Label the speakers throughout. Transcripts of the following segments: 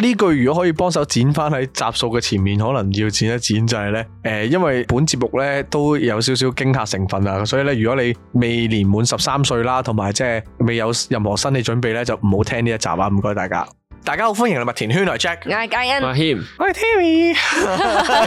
Speaker 1: 呢句如果可以幫手剪翻喺集數嘅前面，可能要剪一剪就係咧、呃，因為本節目都有少少驚嚇成分啊，所以如果你未年滿十三歲啦，同埋即係未有任何心理準備咧，就唔好聽呢一集啊，唔該大家。大家好，歡迎嚟麥田圈，我係 Jack， 我係 Kayan，我係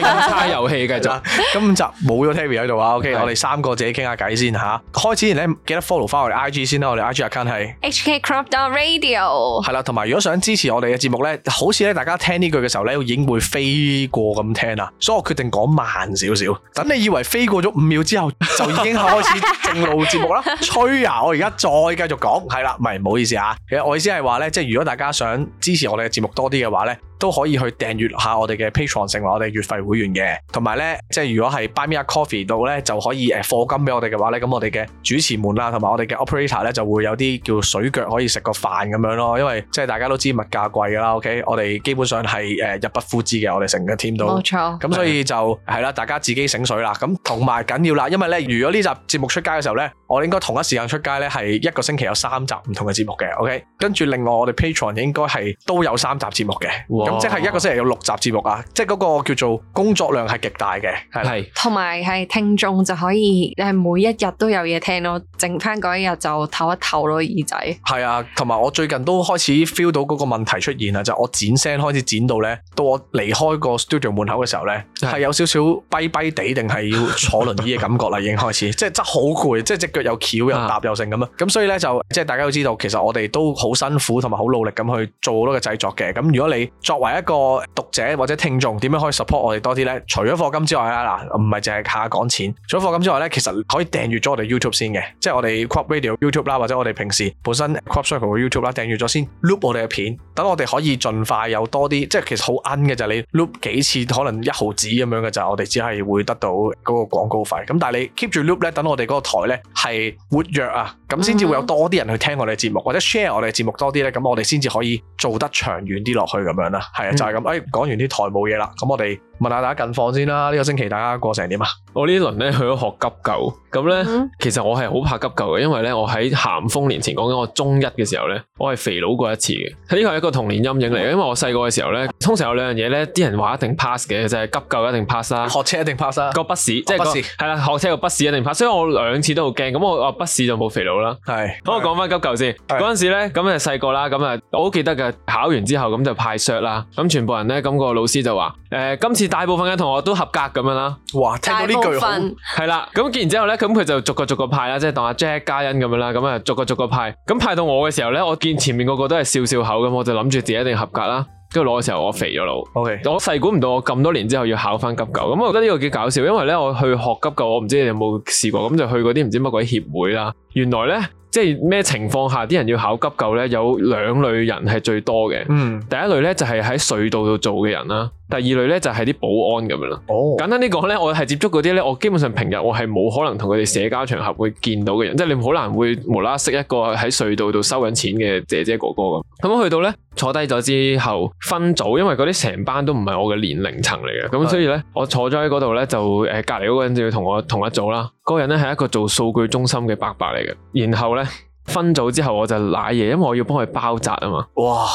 Speaker 1: 阿
Speaker 2: 謙，又差 Terry
Speaker 1: 嘅咋？今集冇咗 Terry 喺度啊，OK，的我哋三個自己傾下偈先吓、啊。開始前咧，記得 follow 翻我哋 IG 先啦，我哋 IG account 係
Speaker 2: HK Crop Radio。
Speaker 1: 係啦，同埋如果想支持我哋嘅節目咧，好似咧大家聽呢句嘅時候咧，已經會飛過咁聽啦，所以我決定講慢少少。等你以為飛過咗五秒之後就已經開始正路節目啦， 吹啊！我而家再繼續講，係啦，唔係唔好意思啊。其實我意思係話咧，即係如果大家想。支持我哋嘅節目多啲嘅話呢，都可以去訂閱下我哋嘅 Patreon 成為我哋月費會員嘅。同埋呢，即係如果係 Buy、um、Me a Coffee 度呢就可以誒，課金俾我哋嘅話呢，咁我哋嘅主持們啦、啊，同埋我哋嘅 Operator 呢就會有啲叫水腳，可以食個飯咁樣咯。因為即係大家都知物價貴噶啦，OK？我哋基本上係誒入不敷支嘅，我哋成個 team 都冇錯。咁所以就係啦，是大家自己醒水啦。咁同埋緊要啦，因為呢，如果呢集節目出街嘅時候呢，我哋應該同一時間出街呢係一個星期有三集唔同嘅節目嘅。OK？跟住另外我哋 Patreon 應該係。都有三集節目嘅，咁哇即係一個星期有六集節目啊！哇即係嗰個叫做工作量係極大嘅，係
Speaker 2: 同埋係聽眾就可以，係每一日都有嘢聽咯，剩翻嗰一日就唞一唞咯耳仔。
Speaker 1: 係啊，同埋我最近都開始 feel 到嗰個問題出現啦，就是，我剪聲開始剪到咧，到我離開個 studio 門口嘅時候咧，係的有少少跛跛地，定係要坐輪椅嘅感覺啦， 已經開始，即係真好攰，即係隻腳有翹又搭又成咁啊！咁的所以咧就，即係大家都知道，其實我哋都好辛苦同埋好努力咁去做。好多嘅製作嘅，咁如果你作為一個讀者或者聽眾，點樣可以 support 我哋多啲呢？除咗課金之外啊，嗱，唔係淨係下講錢。除咗課金之外咧，其實可以訂閱咗我哋 YouTube 先嘅，即係我哋 Crop Radio YouTube 啦，或者我哋平時本身 Crop Circle 嘅 YouTube 啦，訂閱咗先 loop 我哋嘅片，等我哋可以盡快有多啲，即係其實好奀嘅就係你 loop 幾次，可能一毫子咁樣嘅就我哋只係會得到嗰個廣告費。咁但係你 keep 住 loop 咧，等我哋嗰個台呢係活躍啊，咁先至會有多啲人去聽我哋嘅節目，或者 share 我哋嘅節目多啲呢。咁我哋先至可以做。做得長遠啲落去咁、嗯、樣啦，係、哎、啊，就係咁。誒，講完啲台冇
Speaker 3: 嘢啦，咁我哋，問大家近況先啦，呢、這個星期大家過成點啊？我輪呢輪咧去咗學急救，咁咧、嗯、其實我係好怕急救嘅，因為咧我喺鹹豐年前講緊我中一嘅時候咧，我係肥佬過一次嘅。呢個係一個童年陰影嚟嘅，因為我細個嘅時候咧，嗯、通常有兩樣嘢咧，啲人話一定 pass 嘅就係、是、急救一定 pass 啦、啊，學車一定 pass 啦、啊，啊就是那個筆試即係個係啦，學車個筆試一定 pass。所以我兩次都是好驚，咁我啊筆試就冇肥佬啦。係，好我講翻急救先，嗰陣的時咧咁就細個啦，咁啊我好記得嘅，考完之後咁就派 shirt 啦，咁全部人咧咁、那個老師就話誒、呃、今次。大部分嘅同學都合格咁樣啦。哇嘩，聽到呢句話 呢句好係啦。咁見完之後咧，咁佢就逐個逐個派啦，即係當阿 Jack 嘉欣咁樣啦。咁啊，逐個逐個派。咁派到我嘅時候咧，我見前面個個都係笑笑口咁，我就諗住自己一定合格啦。跟住攞嘅時候我了，Okay. 我肥咗佬。O K，我細估唔到我咁多年之後要考翻急救。咁我覺得呢個幾搞笑，因為咧我去學急救，我唔知你哋有冇試過。咁就去嗰啲唔知乜鬼協會啦。原來咧。即係咩情況下啲人要考急救呢？有兩類人係最多嘅。嗯、第一類呢，就係、是、喺隧道度做嘅人啦。第二類呢，就係、是、啲保安咁樣啦。哦、簡單啲講呢，我係接觸嗰啲呢。我基本上平日我係冇可能同佢哋社交場合會見到嘅人，即係你好難會無啦啦識一個喺隧道度收緊錢嘅姐姐哥哥咁。咁去到呢，坐低咗之後，分組，因為嗰啲成班都唔係我嘅年齡層嚟嘅，咁所以呢，的我坐咗喺嗰度呢，就誒隔離嗰個人就要同我同一組啦。嗰、那個人呢，係一個做數據中心嘅伯伯嚟嘅，然後呢。.分組之後我就瀨嘢，因為我要幫佢包紮啊嘛。哇。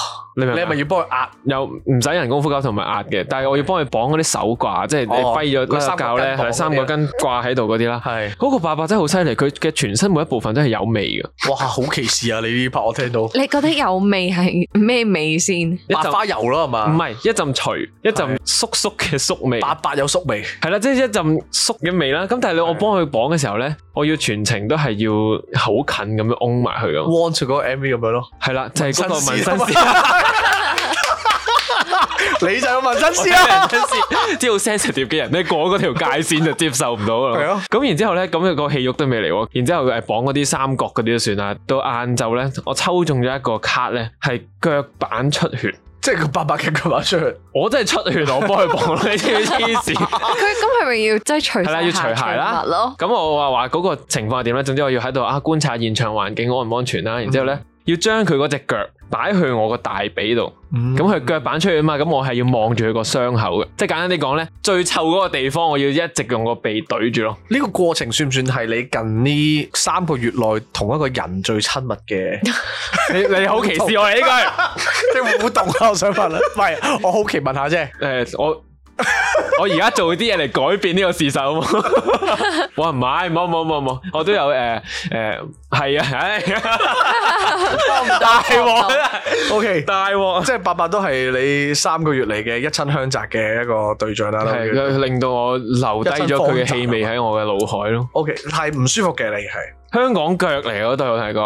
Speaker 3: 你係咪要幫佢壓，又唔使人工呼吸同埋壓嘅，但係我要幫佢綁嗰啲手掛，即係你揮咗嗰個教咧，三個根掛喺度嗰啲啦。係嗰個八八真係好犀利，佢嘅全身每一部分都係有味嘅。哇，好歧視啊！你呢拍我聽到，你
Speaker 2: 覺得有味係咩味先？
Speaker 3: 白花油咯係嘛？唔係一陣除一陣鬚鬚嘅鬚味，八八有鬚味係啦，即係一陣鬚嘅味啦。咁但係我幫佢綁嘅時候咧，我要全程都係要好近咁樣擁埋佢咁，汪出嗰個 MV 咁樣咯。係啦，就係嗰個紋身。你就要問真事啦，啊！真事， 啲好 sensitive 嘅人咧，過嗰條界線就接受唔到啦。係咯。 咁然之後咧，佢個戲肉都未嚟。然之後誒綁嗰啲三角嗰啲都算啦。到晏晝咧，我抽中咗一個卡咧，係腳板出血，即係八百嘅腳板出血。 我真係出血，我幫佢綁啦，你黐線。
Speaker 2: 佢咁係咪要即係除？係、就、啦、是，要除鞋啦。
Speaker 3: 咁我話話嗰個情況係點咧？總之我要喺度啊觀察現場環境安唔安全啦，mm.。然之後咧要將佢嗰隻腳。擺去我個大髀度，咁佢腳板出去啊嘛，咁我係要望住佢個傷口嘅，即係簡單啲講咧，最臭嗰個地方，我要一直用個鼻懟住咯。呢個過程算唔算
Speaker 1: 係你近呢三個月內同一個人最親密嘅？ 你你好歧視我呢句？你唔好動啊！我想問，唔係我好奇問下啫。
Speaker 3: 誒、 呃，我。 我而家做啲嘢嚟改變呢個事實，好冇？我唔係，冇冇冇冇，我都有誒誒係啊，大王，O K 大
Speaker 1: 王，okay, 大王即係八八都係你三個月嚟嘅一親香澤嘅一個對象啦，係，okay, 令
Speaker 3: 到我留低咗佢嘅氣味喺我嘅腦海咯，O K
Speaker 1: 係唔舒服嘅你係。
Speaker 3: 香港腳嚟嗰對，我係講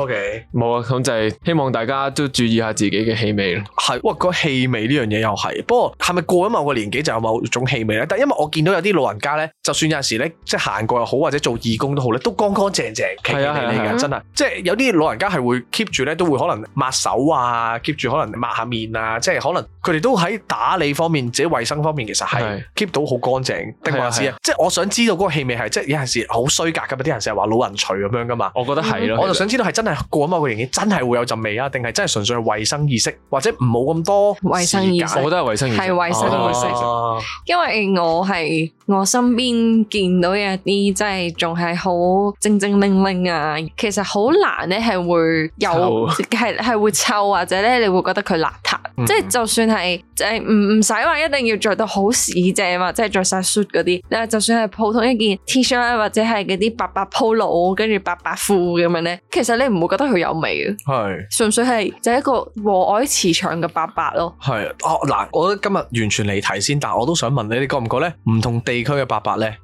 Speaker 3: ，OK，冇啊，咁就係希望大家都注意下自己嘅氣味咯。係，哇，個氣味呢樣嘢又係，不過係咪過咗
Speaker 1: 某個年紀就有某種氣味咧？但因為我見到有啲老人家咧，就算有陣時咧即係行過又好，或者做義工都好咧，都乾乾淨淨，企企哋嘅，真係，即係有啲老人家係會 keep 住咧，都會可能抹手啊，keep 住可能抹下面啊，即係可能佢哋都喺打理方面、自己衞生方面，其實係 keep 到好乾淨，定話係啊？即係我想知道嗰個氣味係即係有陣時好衰格㗎嘛，啲人成日話老人。咁樣噶嘛？我覺得係咯，嗯、我就想知道係真係過某個年紀真係會有陣味啊，定係真係純粹係衛生意識，或者唔冇咁多衛生意識？我都係衛生意識，係衛生、啊、
Speaker 2: 因為我係我身邊見到嘅一啲真係仲係好正正靈靈啊，其實好難咧係會有係係臭會臭，或者咧你會覺得佢邋遢。即係、嗯、就，就算係誒唔唔使話一定要着到好屎淨啊，即係着晒 shirt 嗰啲，啊就算係普通一件 t 恤 h 或者係嗰啲白白 polo。跟住伯伯富咁樣咧，其實你唔會覺得佢有味嘅，純粹係就一個和藹慈祥嘅伯伯
Speaker 1: 咯。嗱、哦，我覺得今日完全離題先，但我都想問你，你覺唔覺咧？唔同地區嘅伯伯咧，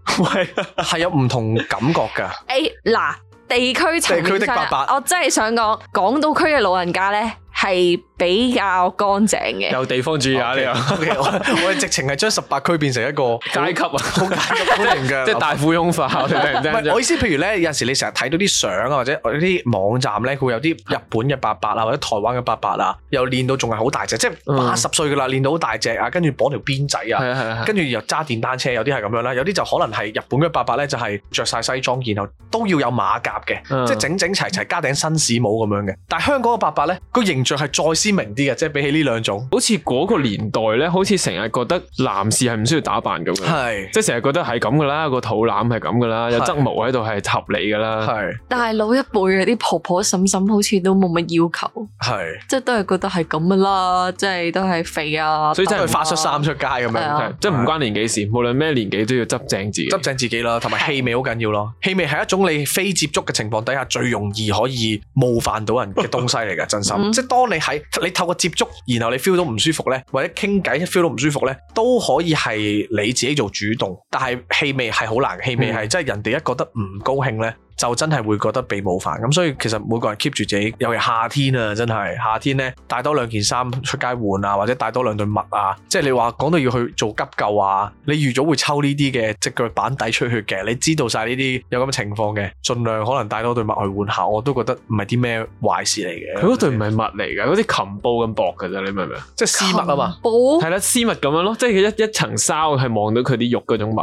Speaker 1: 係 有唔同感覺噶。
Speaker 2: 誒、 欸，嗱，地區差異，地區的伯伯，我真係想講，港島區嘅老人家呢。係比較乾淨嘅，
Speaker 1: 有地方主義啊！又 Okay, okay, 我我直情係將十八區變成一個
Speaker 3: 階級啊，好 階級型嘅，即係 大富翁化。我，
Speaker 1: 我意思，譬如咧，有陣時你成日睇到啲相啊，或者啲網站咧，佢有啲日本嘅伯伯啊，或者台灣嘅伯伯啊，又練到仲係好大隻，即係八十歲噶啦，練到好大隻啊，跟住綁條辮仔啊，跟住、嗯嗯、又揸電單車，有啲係咁樣啦，有啲就可能係日本嘅伯伯咧，就係着晒西裝，然後都要有馬甲嘅，嗯、即係整整齊齊加頂紳士帽咁樣嘅。但係香港嘅伯伯咧，
Speaker 3: 個形象。係再鮮明啲嘅，即係比起呢兩種，好似嗰個年代咧，好似成日覺得男士係唔需要打扮嘅，係，即係成日覺得係咁噶啦，個肚腩係咁噶啦，有鬚毛喺度係合理噶啦，係。
Speaker 2: 但係老一輩嗰啲婆婆嬸嬸好似都冇乜要求，係，即係都係覺得係咁噶啦，即係都係肥啊，所以真係會發出
Speaker 1: 衫出街咁樣，即係唔關年紀事，無論咩年紀都要執正自，執正自己啦，同埋氣味好緊要咯，氣味係一種你非接觸嘅情況底下最容易可以冒犯到人嘅東西嚟嘅，真心，即係多。當你喺你透過接觸，然後你 feel 到唔舒服咧，或者傾偈 feel 到唔舒服咧，都可以係你自己做主動。但係氣味係好難嘅，嗯、氣味係真係人哋一覺得唔高興咧。就真係會覺得被冒犯咁，所以其實每個人 keep 住自己，尤其夏天啊，真係夏天呢，帶多兩件衫出街換啊，或者帶多兩對襪啊，即係你話講到要去做急救啊，你預早會抽呢啲嘅即腳板底出血嘅，你知道晒呢啲有咁嘅情況嘅，盡量可能帶多對襪去換下，我都覺得唔係啲咩壞事嚟嘅。佢嗰對唔係
Speaker 3: 襪嚟嘅，嗰啲是琴布咁薄㗎啫，你明唔明？琴 即係絲襪啊嘛，係啦布絲襪咁樣咯，即係佢一一,一層紗係望到佢啲肉嗰種襪，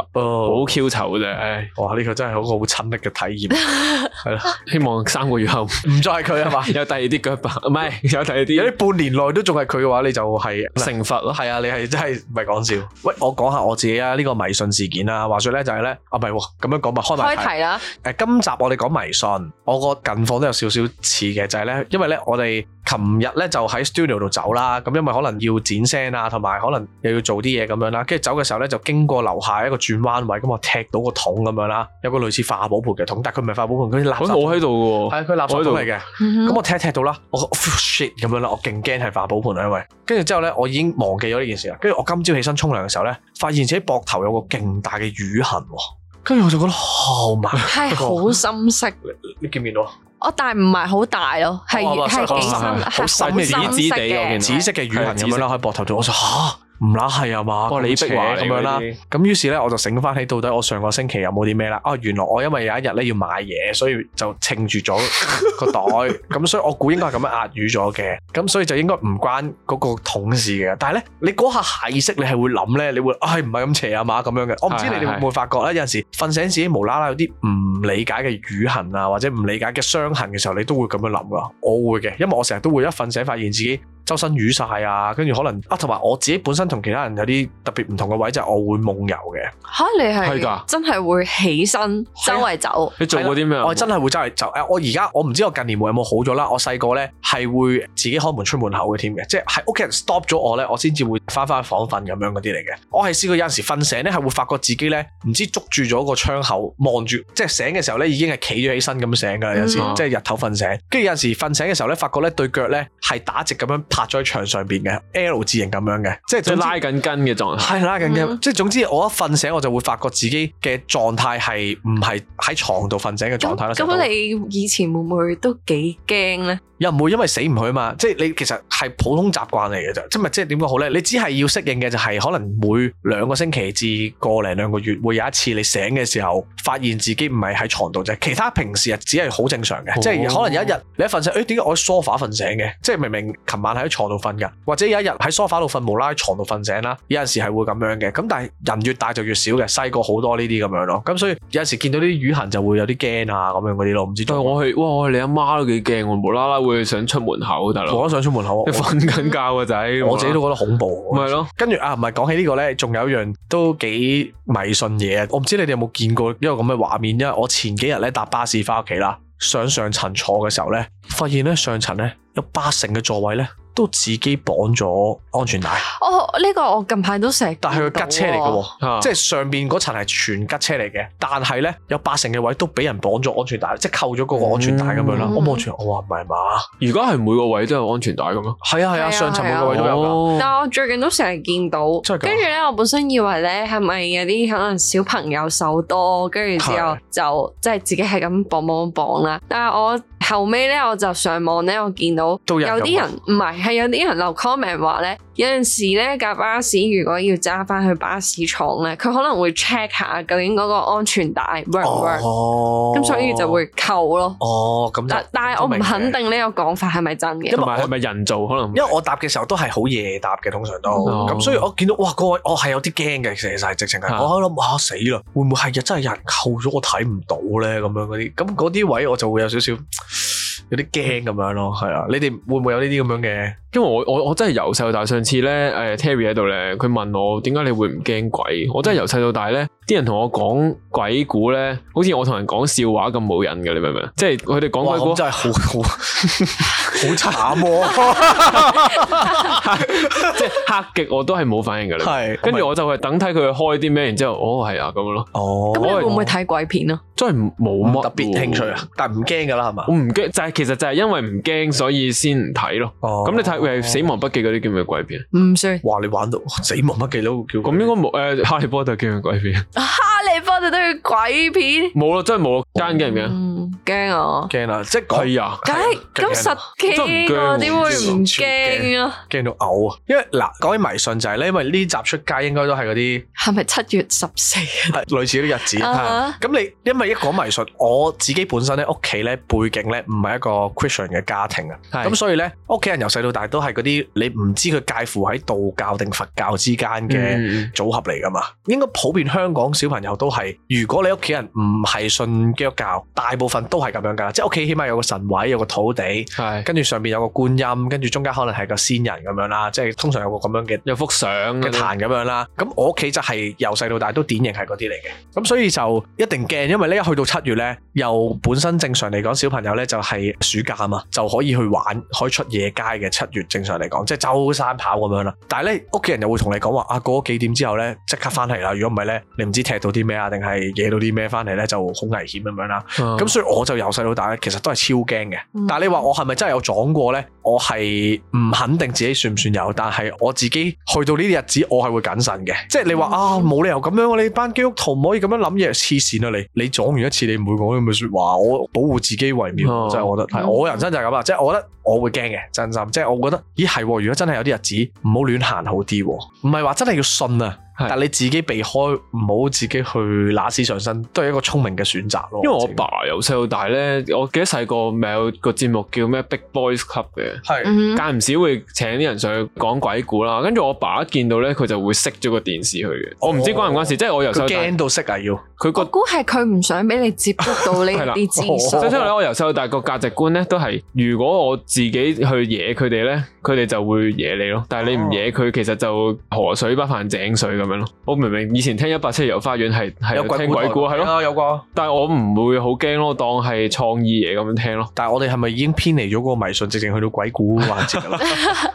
Speaker 3: 好 Q 醜嘅啫，唉哇！呢個真係一個好親密嘅體驗。 係啦， 希望三個月後唔 再佢係嘛，有第二啲腳板，唔係
Speaker 1: 有第二啲。有啲半年內都仲係佢嘅話，你就係懲罰咯。係 啊，你係真係唔係講笑。 喂，我講下我自己啊，呢、這個迷信事件啊，話說咧就係、是、咧，啊唔係咁樣講咪開，開題啦。誒、呃，今集我哋講迷信，我個近況都有少少似嘅，就係咧，因為咧我哋。琴日咧就喺 studio 度走啦，咁因為可能要剪聲啊，同埋可能又要做啲嘢咁樣啦。跟住走嘅時候咧，就經過樓下一個轉彎位，咁我踢到個桶咁樣啦，有個類似化寶盆嘅桶，但係佢唔係化寶盆，佢垃圾桶喺度嘅喎，係佢垃圾度嚟嘅。咁我踢踢到啦，我 shit 咁樣啦，我勁驚係化寶盆啊，因為跟住之後咧，我已經忘記咗呢件事啦。跟住我今朝起身沖涼嘅時候咧，發現自己膊頭有個勁大嘅瘀痕，跟住我就覺得好嘛，係好
Speaker 2: 深色，你見唔見到？我大唔係好大咯，係係幾深，好細紫紫哋，我見到紫
Speaker 1: 色嘅羽絨咁樣攞喺膊頭度，我話嚇。唔啦係啊嘛，不過哇你壁畫咁樣啦，咁於是咧我就醒返起，到底我上個星期有冇啲咩啦？原來我因為有一日咧要買嘢，所以就撐住咗個袋，咁 所以我估應該係咁樣壓瘀咗嘅，咁所以就應該唔關嗰個桶事嘅。但係呢，你嗰下下意識你係會諗咧，你會唉，係唔係咁邪啊嘛咁樣嘅？我唔知道你哋會唔會發覺咧，是是是有陣時瞓醒自己無啦啦有啲唔理解嘅瘀痕啊，或者唔理解嘅傷痕嘅時候，你都會咁樣諗㗎。我會嘅，因為我成日都會一瞓醒發現自己。周身瘀晒啊！跟住可能啊，同埋我自己本身同其他人有啲特別唔同嘅位，就係、是、我會夢遊嘅。
Speaker 2: 嚇、啊、你係係㗎，真係會起身的周圍走。你
Speaker 1: 做過啲咩？我真係會周圍走。誒、啊，我而家我唔知我近年會有冇好咗啦。我細個咧係會自己開門出門口嘅添嘅，即係屋企人 stop 咗我咧，我先至會翻翻房瞓咁樣嗰啲嚟嘅。我係試過有陣時瞓醒咧，係會發覺自己咧唔知捉住咗個窗口望住，即係醒嘅時候咧已經係企咗起身咁醒㗎。有時、嗯、即係日頭瞓醒，跟住有陣時瞓醒嘅時候咧，發覺咧對腳咧係打直咁樣。撻咗喺牆上邊嘅 L 字形咁樣嘅，即係都拉緊筋嘅狀態。係拉緊筋，嗯、即係總之我一瞓醒我就會發覺自己嘅狀態係唔係喺床度瞓醒嘅狀態啦、嗯。咁是你
Speaker 2: 以前會唔會都幾驚咧？
Speaker 1: 又唔會，因為死唔去嘛。即係你其實係普通習慣嚟嘅啫。即係即係點講好咧？你只係要適應嘅就係可能每兩個星期至個零兩個月會有一次你醒嘅時候發現自己唔係喺床度啫。其他平時啊只係好正常嘅。哦、即係可能有一日你一瞓醒，誒，點解我喺 sofa 瞓醒嘅？即係明明琴晚喺床度瞓噶，或者有一日喺梳化度瞓，無啦啦喺床度瞓醒啦。有陣時係會咁樣嘅，咁但係人越大就越少嘅，細個好多呢啲咁樣咯。咁所以有陣時見到啲雨痕就會有啲
Speaker 3: 驚啊，咁樣嗰啲咯，唔知。我去，哇，我去你阿媽都幾驚，我無啦啦會想出門口，大佬，我都想出門口，你瞓緊覺嘅、啊、仔，我，緣我自己都覺得恐怖。咪咯 了，跟住啊，唔係講起呢、這個咧，仲
Speaker 1: 有一樣都幾迷信嘢，我唔知你哋有冇見過一個咁嘅畫面，因為啫。我前幾日咧搭巴士翻屋企啦，上上層坐嘅時候咧，發現咧上層咧有八成嘅座位咧。都自己綁咗安全帶。
Speaker 2: 哦，呢個我近排都成日。但係佢
Speaker 1: 吉車嚟嘅喎，即係上邊嗰層係全吉車嚟嘅。但係咧，有八成嘅位都俾人
Speaker 3: 綁咗安全帶，即係扣咗個安全帶咁樣啦。我望住，我話唔係嘛？如果係每個位都有安全帶咁樣？係啊係啊，上層每個位都有㗎。但
Speaker 2: 係我最近都成日見到，跟住咧，我本身以為咧係咪有啲可能小朋友手多，跟住之後就即係自己係咁綁綁綁啦。但係我後尾咧，我就上網咧，我見到有啲人唔係。係有啲人留 comment 話咧，有陣時咧架巴士如果要揸翻去巴士廠咧，佢可能會 check 下究竟嗰個安全帶 work 唔
Speaker 1: work？咁所以就會扣咯。哦，咁但但係我唔肯
Speaker 2: 定呢個講法係咪真嘅？同埋係
Speaker 1: 咪人造？可能因為我搭嘅時候都係好夜搭嘅，通常都咁，哦、所以我見到哇，嗰位，哦、我係有啲驚嘅，其實係直情係我喺諗啊，死啦，會唔會係真係有人扣咗我睇唔到咧？咁樣嗰啲咁嗰啲位，我就會有少少。有啲驚咁樣咯，係啊，你哋會唔會有呢啲咁樣嘅？
Speaker 3: 因為我我我真係由細到大，上次咧，誒，Terry 喺度咧，佢問我點解你會唔驚鬼？我真係由細到大咧，啲人同我講鬼故咧，好似我同人講笑話咁冇癮嘅，你明唔明？即係佢哋講鬼故真係好好好慘，即係嚇極我都係冇反應嘅。係，跟住我就係等睇佢開啲咩，然之後哦，係啊咁樣咯。哦，我會唔會
Speaker 2: 睇鬼片咯？真係冇乜特別興趣啊，
Speaker 3: 但係唔驚噶啦係嘛？我唔驚，就係其實就係因為唔驚所以先唔睇咯。哦，咁你睇？死亡筆記嗰啲叫咩鬼片？唔算。哇！你玩到死亡筆記都叫？咁應該冇。誒，哈利波特叫咩鬼片？
Speaker 2: 哈利波特都叫鬼片？
Speaker 3: 冇啦，真係冇啦。驚驚唔驚？
Speaker 2: 驚啊！
Speaker 3: 驚啊！即係佢啊！
Speaker 2: 咁實驚啊？點會唔驚啊？
Speaker 1: 驚到嘔啊！因為嗱，講起迷信就係咧，因為呢集出街應該都係嗰啲係咪七月十四啊？類似啲日子啊。咁你因為一講迷信，我自己本身咧屋企咧背景咧唔係一個 Christian 嘅家庭啊。咁所以咧屋企人由細到大，都係嗰啲，你唔知佢介乎喺道教定佛教之間嘅組合嚟噶嘛？應該普遍香港小朋友都係，如果你屋企人唔係信基督教，大部分都係咁樣噶，即係屋企起碼有個神位，有個土地，係跟住上面有個觀音，跟住中間可能係個仙人咁樣啦，即係通常有個咁樣嘅有幅相嘅壇咁樣啦。咁我屋企就係由細到大都典型係嗰啲嚟嘅，咁所以就一定驚，因為呢一去到七月咧，由本身正常嚟講小朋友咧就係暑假啊嘛，就可以去玩，可以出夜街嘅七月。正常嚟講，即係周山跑咁樣啦。但係咧，屋企人又會同你講話啊，過咗幾點之後咧，即刻翻嚟啦。如果唔係咧，你唔知踢到啲咩啊，定係惹到啲咩翻嚟咧，就好危險咁樣啦。咁、嗯、所以我就由細到大，其實都係超驚嘅。但係你話我係咪真係有撞過咧？我係唔肯定自己算唔算有，但係我自己去到呢啲日子，我係會謹慎嘅。即係你話、嗯、啊，冇理由咁樣，你班基督徒唔可以咁樣諗嘢，黐線啊！你你撞完一次，你唔會講咁嘅說話，我保護自己為妙，即係、嗯、我覺得係。嗯、我人生就係咁啦，即係、嗯、我覺得我會驚嘅，真心。即係我覺得咦係喎，如果真係有啲日子唔好亂行好啲，唔係話真係要信啊。但係你自己避開，唔好自己去攬屎上身，都係一個聰明嘅選擇咯。因為我爸
Speaker 3: 由細到大咧，我記得細個咪有個節目叫咩《Big Boys Club》嘅，係，間唔時會請啲人上去講鬼故啦。跟住我爸一見到咧，佢就會熄咗個電視去嘅。哦、我唔知關唔關事，哦、即係我由細佢驚到熄啊！要，
Speaker 2: 佢個、我估係佢唔想俾你接觸到呢啲資訊。所以
Speaker 3: 咧，我由細到大個價值觀咧都係，如果我自己去惹佢哋咧，佢哋就會惹你咯。但係你唔惹佢，哦、其實就河水不犯井水。咁樣咯，我明明以前聽《一八七二遊花園》係係聽鬼故係咯，有啩，但係我唔會好驚咯，當係創意嘢咁樣聽咯。但係我哋係咪已經偏離咗嗰個迷信，直情去到鬼故嘅環節啦？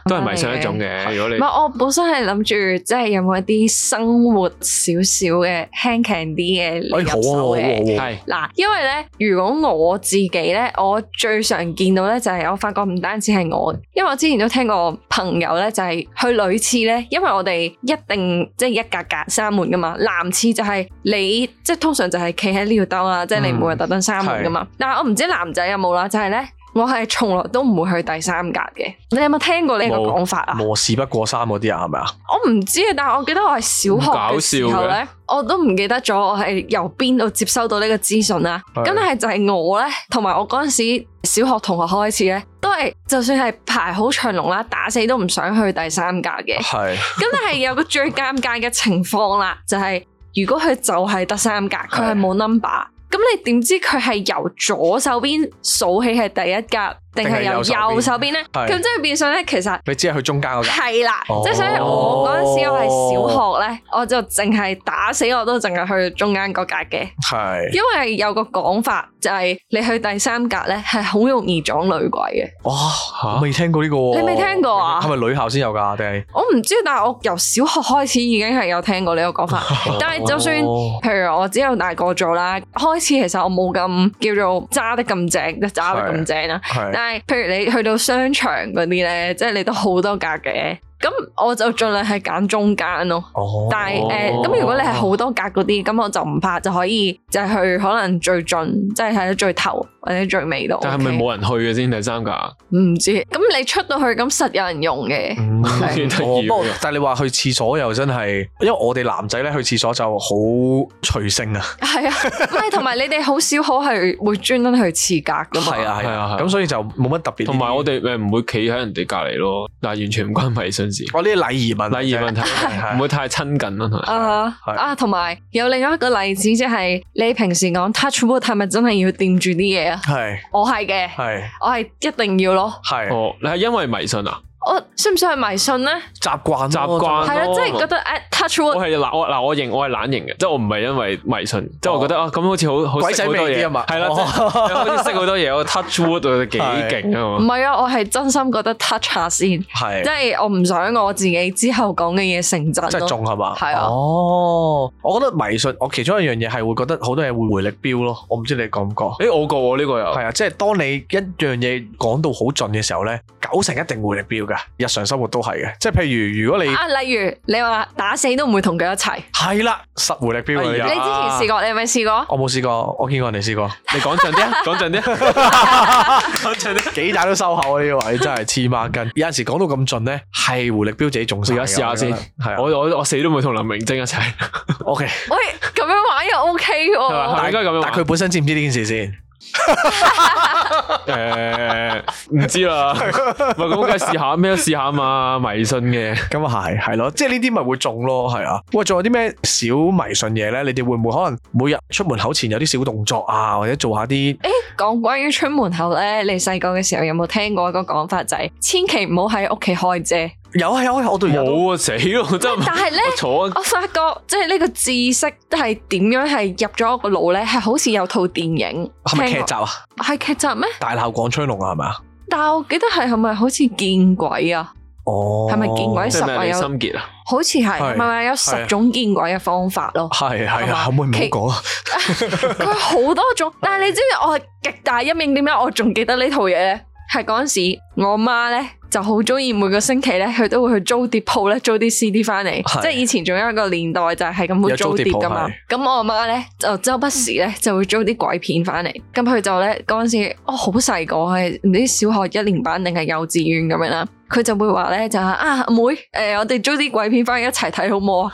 Speaker 3: 都係 迷信一種嘅。如唔係，我
Speaker 2: 本身係諗住即係有冇一啲生活少少嘅輕鬆啲嘅入手嘅、哎、好、啊，嘅、啊。係嗱，因為咧，如果我自己咧，我最常見到咧就係、是、我發覺唔單止係我，因為我之前都聽過朋友咧、就是，就係去旅次咧，因為我哋一定即係。一格格閂門噶嘛，男廁就係你即通常就係企喺尿兜啦，嗯、即你冇人特登閂門噶嘛。是但係我唔知男仔有冇啦，就係、是、咧。我係從來都唔會去第三格嘅，你有冇聽過呢個
Speaker 1: 講法啊？我事不過三嗰啲啊，係咪啊？
Speaker 2: 我唔知，但係我記得我係小學
Speaker 1: 嘅時
Speaker 3: 候咧，
Speaker 2: 我都唔記得咗我係由邊度接收到呢個資訊啦。咁但係就係我咧，同埋我嗰陣時小學同學開始咧，都係就算係排好長龍啦，打死都唔想去第三格嘅。係是。咁但係有個最尷尬嘅情況啦，就係、是、如果佢就係得三格，佢係冇 number。咁你點知佢係由左手邊數起係第一格？定係右右手邊咧，咁即係變相咧，其實
Speaker 1: 你只係去中間嗰格，係啦。即係所以，我嗰陣時我係小學
Speaker 2: 咧，我就淨係打死我都淨係去中間嗰格嘅，
Speaker 1: 係。因
Speaker 2: 為有個講法就係你去第三格咧，係好容易撞女鬼嘅。哇！
Speaker 1: 嚇，未聽過呢個喎？你未聽過啊？係咪女校先有㗎？定係
Speaker 2: 我唔知，但係我由小學開始已經係有聽過呢個講法。但係就算譬如我只有大個咗啦，開始其實我冇咁叫做揸得咁正，就揸得咁正啦。但譬如你去到商場嗰啲咧，即係你都好多格嘅。咁我就盡量係揀中間咯，但係誒，咁如果你係好多格嗰啲，咁我就唔怕就可以就去可能最盡，即係睇得最頭或者最尾度。但係咪
Speaker 3: 冇人去嘅先第三格？
Speaker 2: 唔知，咁你出到去咁實有人用嘅，
Speaker 1: 但係你話去廁所又真係，因為我哋男
Speaker 3: 仔咧去廁所就好隨性啊。係啊，
Speaker 2: 唔係，同埋你哋好少可係會專登去廁格。係啊係啊，
Speaker 3: 咁所以就冇乜特別。同埋我哋唔會企喺人哋隔籬咯，但係完全唔關迷我啲禮儀問題，禮儀問題唔會太親近咯，啊
Speaker 2: 啊，同埋有，有另外一個例子，即係你平時講 touch wood，係咪真係要掂住啲嘢啊？係是，我係嘅，係是，我係一定要咯，
Speaker 3: 係是。哦，你係因為迷信啊？
Speaker 2: 我算唔算係迷信咧？
Speaker 3: 習慣習慣係啊，即係覺得誒，touch wood 係，嗱，我嗱，我認，我係懶型嘅，即係我唔係因為迷信，即係我覺得啊，咁好似好好識好多嘢啊嘛，係啦，即係識好多嘢，我 touch wood 幾勁啊嘛。唔
Speaker 2: 係啊，我係真心覺得 touch 下先，
Speaker 1: 係，
Speaker 3: 即
Speaker 2: 係我唔想我自己之後講嘅嘢成真，即係仲
Speaker 3: 係嘛，係啊。哦，
Speaker 1: 我覺得迷信，我其中一樣嘢係會覺得好多嘢會回力鏢咯，我唔知你覺唔覺？誒，我覺我呢個又係啊，即係當你一樣嘢講到好盡嘅時候咧，九成一定回力鏢噶日常生活都係嘅，即係譬如如果你啊，
Speaker 2: 例如你話打死都唔會同佢一齊，
Speaker 1: 係啦，實狐狸標。你之前試過，你有冇試過？我冇試過，我見過你試過。你講
Speaker 3: 盡啲，講盡啲，
Speaker 1: 講盡啲，幾大都收口啊！呢話，你真係黐孖筋。有陣時講到咁盡咧，係狐狸標自己中晒。而家試下先，係我我我死都唔會同林明晶一齊。O K，
Speaker 2: 喂，咁樣玩又 O K 喎，大家
Speaker 1: 咁樣，但佢本身知唔知呢件事先？誒，唔、 嗯、知啦，咪咁計試下咩？試下嘛，迷信嘅，咁啊係係咯，即係呢啲咪會中咯，係啊。喂，仲有啲咩小迷信嘢咧？你哋會唔會可能每日出門口前有啲小動作啊，或者做下啲
Speaker 2: 誒？講、欸、關於出門口咧，你細個嘅時候有冇聽過一個講法就係、是，千祈唔好喺屋企開遮。
Speaker 3: 有啊有啊，我都有，冇啊死咯，真係，但係咧，我，坐我發覺
Speaker 2: 即係呢個知識係點樣係入咗個腦咧，係好似有套電影，係咪劇集啊？係劇集咩？大鬧
Speaker 1: 廣昌隆啊，係咪啊？
Speaker 2: 但係我記得係係咪好似見鬼啊？哦，
Speaker 3: 係咪見鬼十鬼有心潔啊？好似係，唔係唔係有十種
Speaker 2: 見鬼嘅方法咯？
Speaker 3: 係係啊，可唔可以唔講？
Speaker 2: 佢好多種， 但係你知唔知我係極大陰影？點解我仲記得套呢套嘢咧？係嗰陣時我媽呢，我媽咧。就好中意每個星期咧，佢都會去租碟鋪咧，租啲 CD 翻嚟。即係以前仲有一個年代就係咁會租碟噶嘛。咁的我阿媽咧就周不時咧就會租啲鬼片翻嚟。咁佢、嗯、就咧嗰陣時，我好細個，係唔知小學一年班定係幼稚園咁樣啦。佢就會話咧就係啊妹，誒、呃、我哋租啲鬼片翻嚟一齊睇好冇啊？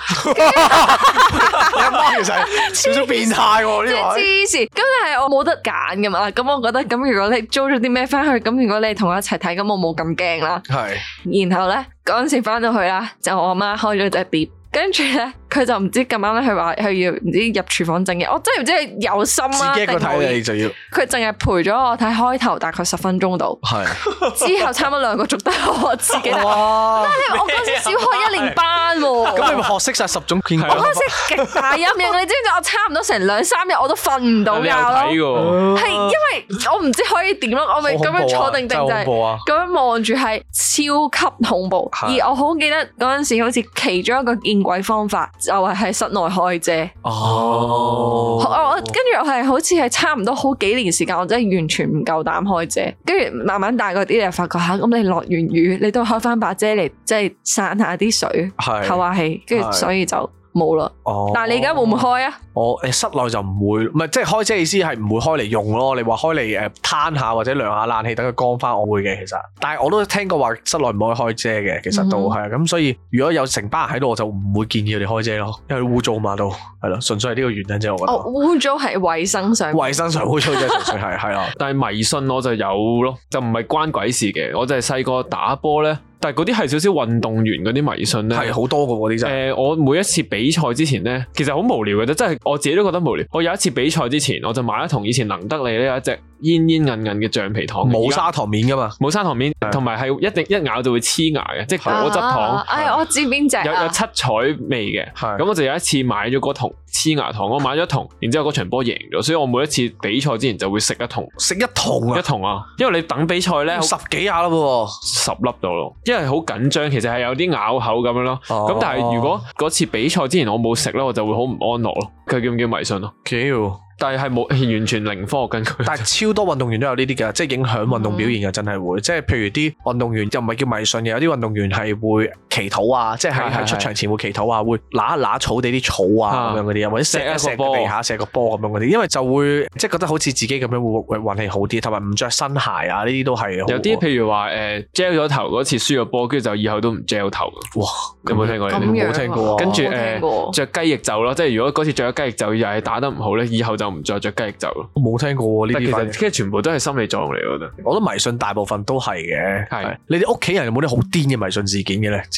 Speaker 1: 阿媽其實少少變態喎，呢個黐
Speaker 2: 線。咁但係我冇得揀噶嘛。咁我覺得咁如果你租咗啲咩翻去，咁如果你同我一齊睇，咁我冇咁驚。係，是然後咧，陣時翻到去啦，就我阿媽開咗隻碟，跟住咧佢就唔知咁啱咧，佢話佢要唔知入廚房整嘢，我真係唔知佢有心啦，啊，個頭是就要，佢淨係陪咗我睇開頭大概十分鐘度，係、啊、 之後差唔多兩個做得我自己，哇但係麼我陣時小學一年班。咁、 嗯、你咪學
Speaker 1: 識晒十種見鬼，我學識
Speaker 2: 極大陰影，你知唔知？ 我差唔多成兩三日我都瞓唔到覺咯。係、嗯、因為我唔知可以點咯，我咪咁樣坐定定、 啊啊、就係咁樣望住，係超級恐怖。的而我好記得嗰陣時，好似其中一個見鬼方法就係喺室內開遮。
Speaker 3: 哦、啊， 我
Speaker 2: 跟住我係好似係差唔多好幾年時間，我真係完全唔夠膽開遮。跟住慢慢大個啲，你發覺吓，咁你落完雨，你都開翻把遮嚟，即係散下啲水。是的 話跟住所以就
Speaker 1: 冇啦。Oh, 但係你而家會唔會開啊？我誒、oh, 室內就唔會，唔係即係開遮意思係唔會開嚟用咯。你話開嚟誒攤下或者涼下冷氣，等佢乾翻，我會嘅其實。但係我都聽過話室內唔可以開遮嘅，其實都係咁。Mm-hmm. 所以如果有成班人喺度，我就唔會建議你開遮咯，因為
Speaker 3: 污糟嘛都係咯，純粹係呢個原因啫。我覺得
Speaker 2: 污糟係衛生上，衛生上污糟即係純粹係
Speaker 3: 係啦。但係迷信我就有咯，就唔係關鬼事嘅。我就係細個打波咧。但係嗰啲係少少運動員嗰啲迷信咧，係好多過嗰啲啫。誒、呃，我每一次比賽之前咧，其實好無聊嘅啫，真係我自己都覺得無聊。我有一次比賽之前，我就買咗同以前能得利呢一隻。煙煙韌韌嘅橡皮糖，冇砂糖麵噶嘛，冇砂糖麵，同埋係一定一咬就會黐牙嘅，即係的果汁糖。的哎，
Speaker 2: 我知邊隻、啊？有有七
Speaker 3: 彩味嘅，咁的我就有一次買咗個桶黐牙糖，我買咗一桶，然之後嗰場波贏咗，所以我每一次比賽之前就會食一桶，食一桶啊，啊一桶啊，因為你等比賽咧，十幾下啦、啊，十粒到咯，因為好緊張，其實係有啲咬口咁樣咯。咁、啊、但係如果嗰次比賽之前我冇食咧，我就會好唔安樂咯。佢叫唔叫迷信啊？但係係冇完全零科根嘅，
Speaker 1: 但係超多運動員都有呢啲㗎，即影響運動表現㗎，真係會，即係譬如啲運動員就唔係叫迷信嘅，有啲運動員係會。祈禱啊，即係喺出場前會祈禱啊，對對對，會拿一拿草地啲
Speaker 3: 草啊，咁樣嗰啲，或者射一射波，地下，
Speaker 1: 射個波咁樣嗰啲，因為就會即係覺得好似自己咁樣會運氣好啲，同埋唔着新鞋啊，呢啲都係啊。有
Speaker 3: 啲譬如話誒 gel 咗頭嗰次輸咗波，跟住就以後都唔 gel 頭。哇！有冇聽過？冇樣聽過。跟住誒着雞翼袖咯，即係如果嗰次着咗雞翼袖又係打得唔好咧，以後就唔再着雞翼袖咯。冇、嗯、聽過呢
Speaker 1: 啲正，其實全部都係心理作用嚟。我覺得，我覺得迷信大部分都係嘅。係你哋屋企人有冇啲好癲嘅迷信事件嘅咧？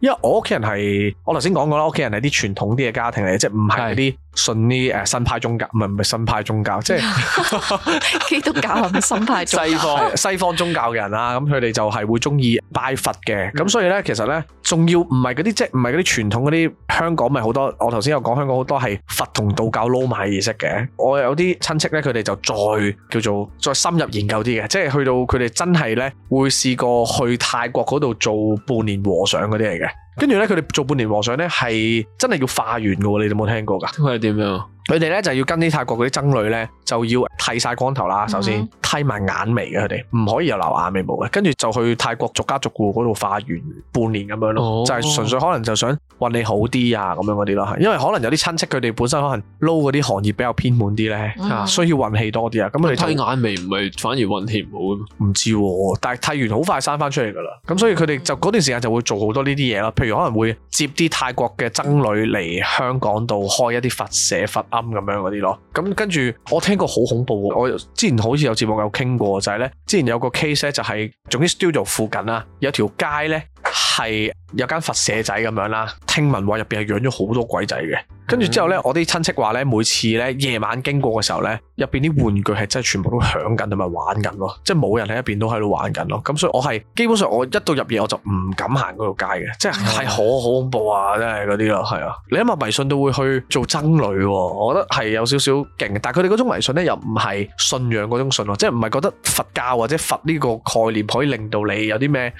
Speaker 1: 因為我屋企人係，我頭先講過啦，屋企人係啲傳統啲嘅家庭嚟，是即係唔係啲信啲誒新派宗教，唔係唔係新派宗教，即係
Speaker 2: 基督教啊新派西方， 西方，
Speaker 1: 西方宗教嘅人啦，咁佢哋就係會中意拜佛嘅，咁、嗯、所以咧其實咧，仲要唔係嗰啲即係唔係嗰啲傳統嗰啲香港咪好多，我頭先有講香港好多係佛同道教撈埋嘅意識嘅，我有啲親戚咧佢哋就再叫做再深入研究啲嘅，即係去到佢哋真係咧會試過去泰國嗰度做半年和尚嗰啲嚟嘅。跟住咧，佢哋做半年和尚咧，係真係要化緣嘅喎，你哋有冇聽聽過㗎？係點樣？佢哋咧就要跟啲泰國嗰啲僧侶咧，就要剃晒光頭啦。首先，mm hmm. 剃埋眼眉嘅佢哋，唔可以有留眼眉毛嘅。跟住就去泰國逐家逐戶嗰度化緣半年咁樣咯，oh. 就係純粹可能就想運氣好啲啊咁樣嗰啲咯，係因為可能有啲親戚佢哋本身可能撈嗰啲行業比較偏門啲咧，需、mm hmm. 要運氣多啲啊。咁佢剃眼眉唔係反而運氣唔好？唔知喎、啊，但係剃完好快生翻出嚟噶啦。咁所以佢哋就嗰段時間就會做好多呢啲嘢咯。譬如可能會接啲泰國嘅僧侶嚟香港度開一啲佛社佛啊。咁樣嗰啲咯，咁跟住我聽過好恐怖，我之前好似有節目有傾過，就係、是、咧，之前有個 case 咧、就是，就係總之 studio 附近啦，有條街咧。係有間佛舍仔咁樣啦，聽聞話入邊係養咗好多鬼仔嘅，跟住之後咧，我啲親戚話咧，每次咧夜晚經過嘅時候咧，入邊啲玩具係真係全部都響緊，同埋玩緊咯，即係冇人喺一邊都喺度玩緊咯。咁所以我，我係基本上我一到入夜我就唔敢行嗰條街嘅，即係係好好恐怖啊！真係嗰啲咯，係啊。你因為迷信都會去做僧侶喎，，我覺得係有少少勁，但係佢哋嗰種迷信咧又唔係信仰嗰種信咯喎，即係唔係覺得佛教或者佛呢個概念可以令到你有啲咩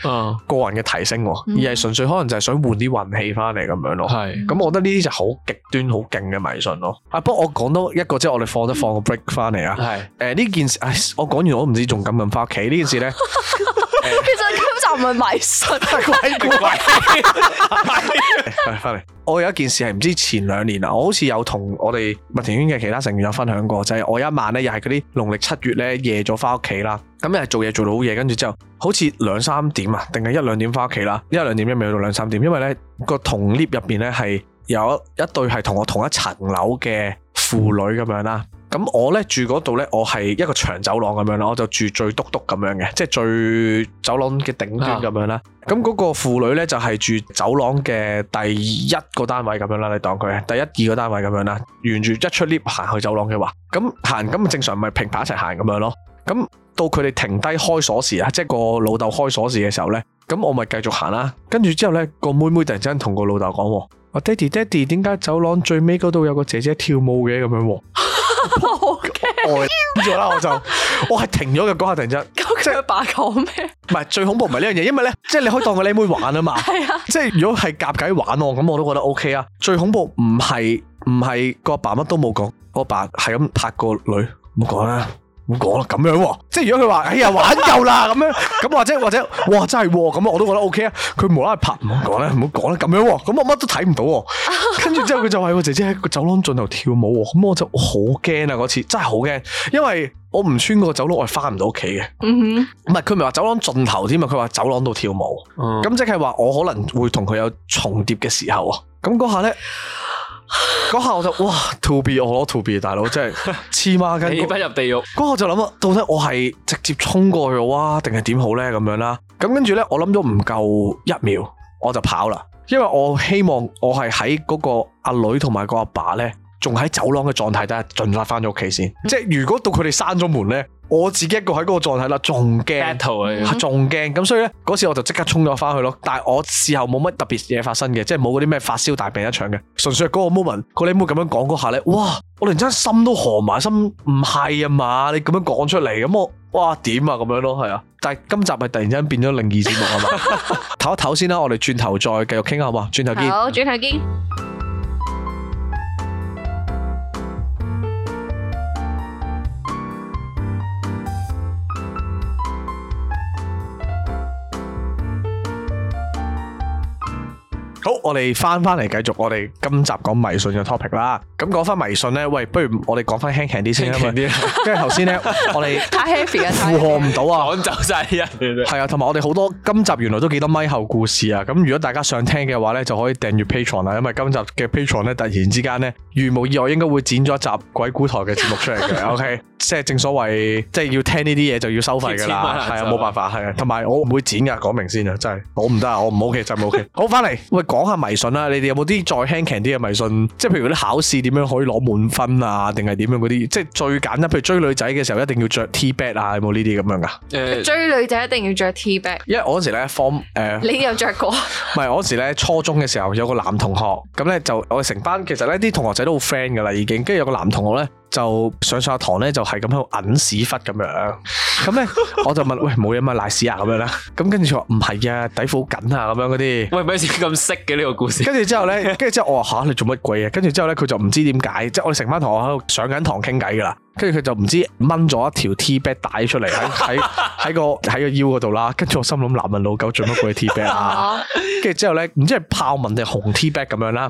Speaker 1: 個人嘅提升喎。而係純粹可能就係想換啲運氣翻嚟咁樣咯。係是，咁我覺得呢啲就好極端好勁嘅迷信咯。啊，不過我講多一個即係我哋放，放一放個 break 翻嚟啊。係是，誒呢、呃、件事，哎、我講完我都唔知仲敢唔敢翻屋企呢件事
Speaker 2: 咧。 呃 係迷信？係鬼故鬼。係
Speaker 1: 翻嚟翻嚟，我有一件事係唔知前兩年啦，我好似有同我哋麥田圈嘅其他成員有分享過，就係我一晚咧，又係嗰啲農曆七月咧，夜咗翻屋企啦。咁又係做嘢做到好夜。跟住之後好似兩三點啊，定係一兩點翻屋企啦？一兩點一未去到兩三點，因為咧個同 lift 入邊咧係有一對係同我同一層樓嘅婦女咁樣啦。咁我咧住嗰度咧，我係一個長走廊咁樣啦，我就住最篤篤咁樣嘅，即係最走廊嘅頂端咁樣啦。咁嗰、啊、個婦女咧就係、是、住走廊嘅第一個單位咁樣啦，你當佢第一二個單位咁樣啦，沿住一出 lift 行去走廊嘅話，咁行咁正常咪平排一齊行咁樣咯。咁到佢哋停低開鎖匙啊，即係個老豆開鎖匙嘅時候咧，咁我咪繼續行啦。跟住之後咧，個妹妹突然之間同個老豆講。我爹哋爹哋，點解走廊最尾嗰度有個姐姐跳舞嘅咁樣？我好驚，跟住啦，我就我係停咗嘅嗰下，突然之間，究竟即係阿爸講咩？唔係最恐怖唔係呢樣嘢，因為咧，即係你可以當個靚妹玩啊嘛。係啊，即係如果係夾計玩我咁，我都覺得 OK 啊。最恐怖唔係唔係個阿爸乜都冇講，個阿爸係咁拍個女，唔好講啦。唔好講啦，咁樣、哦、即係如果佢話哎呀玩夠啦咁樣，咁或者或者哇真係咁啊，我都覺得 O K 啊。佢無啦啦拍，唔好講啦，唔好講啦，咁樣咁我乜都睇唔到。跟住之後佢就話我、 哎、姐姐喺個走廊盡頭跳舞，咁我就好驚啊！嗰次真係好驚，因為我唔穿個走廊我係翻唔到屋企
Speaker 2: 嘅。
Speaker 1: 唔係佢咪話走廊盡頭添啊？佢話走廊度跳舞，咁即係話我可能會同佢有重疊嘅時候啊。咁嗰下咧。嗰下 我就哇，to be 我、oh，咯，to be 大佬真係黐孖筋，起翻 那入地獄。嗰下就諗啊，到底我係直接衝過去哇、啊，定係點好呢？咁樣啦，咁跟住呢，我諗咗唔夠一秒，我就跑啦，因為我希望我係喺嗰個阿女同埋個阿爸，爸呢，仲喺走廊嘅狀態，底下盡快翻咗屋企先。嗯、即係如果到佢哋閂咗門呢。我自己一個喺嗰個狀態啦，仲驚，仲驚 Battle 樣，咁所以咧嗰時我就即刻衝咗翻去咯。但係我事後冇乜特別嘢發生嘅，即係冇嗰啲咩發燒大病一場嘅，純粹係嗰個 moment，個你妹咁樣講嗰下咧，哇！我突然間心都寒埋心，唔係啊嘛，你咁樣講出嚟，咁我哇點啊咁樣咯，係啊。但係今集咪突然間變咗靈異節目啊嘛，唞 一唞先啦，我哋轉頭再繼續傾下好嘛？轉頭見，
Speaker 2: 好，轉頭見。
Speaker 1: 好，我哋翻翻嚟繼續我哋今集講迷信嘅 topic 啦。咁講翻迷信呢，喂，不如我哋講翻輕輕啲先，因為頭先呢，我哋 太 heavy 負荷唔到啊，講走晒一人，係啊，同埋我哋好多今集原來都幾多咪後故事啊。咁如果大家想聽嘅話呢，就可以訂閱 Patreon 啊。因為今集嘅 Patreon 呢，突然之間呢，如無意外應該會剪咗一集鬼古台嘅節目出嚟嘅。 OK，即係正所謂，即係要聽呢啲嘢就要收費噶啦。係錢啊，冇就辦法，係啊。同埋 我唔會剪噶，講明先啊，真係我唔得啊，我唔 OK 就唔 OK。 好，翻嚟講下迷信啦，你哋有冇啲再輕鬆啲嘅迷信？即係譬如啲考試點樣可以攞滿分啊，定係點樣嗰啲？即係最簡單，譬如追女仔嘅時候一定要着 T-back 啊，有冇呢啲咁樣噶？呃、追
Speaker 2: 女仔一定要着 T-back，
Speaker 1: 因為我嗰時咧 form 誒、呃，你有着過？唔係 我嗰時咧，初中嘅時候有個男同學，咁咧就我哋成班，其實咧啲同學仔都好 friend 噶啦，已經。跟住有個男同學咧。就上上下堂咧，就係咁喺度揞屎忽咁樣，咁咧 我就問喂冇嘢嘛，瀨屎啊咁樣啦，咁跟住佢話唔係啊，底褲
Speaker 3: 好緊啊咁樣嗰啲，喂咩事咁識嘅呢個故事？跟住之後咧，
Speaker 1: 跟住 之後我話吓你做乜鬼啊？跟住之後咧，佢就唔知點解，即係我哋成班同學喺度上緊堂傾偈噶啦。跟住佢就唔知掹咗一條 T back 帶出嚟喺喺喺個喺個腰嗰度啦，跟住我心諗，男人老狗做乜鬼 T back 啊！跟住之後咧，唔知係豹紋定紅 T back 咁樣啦，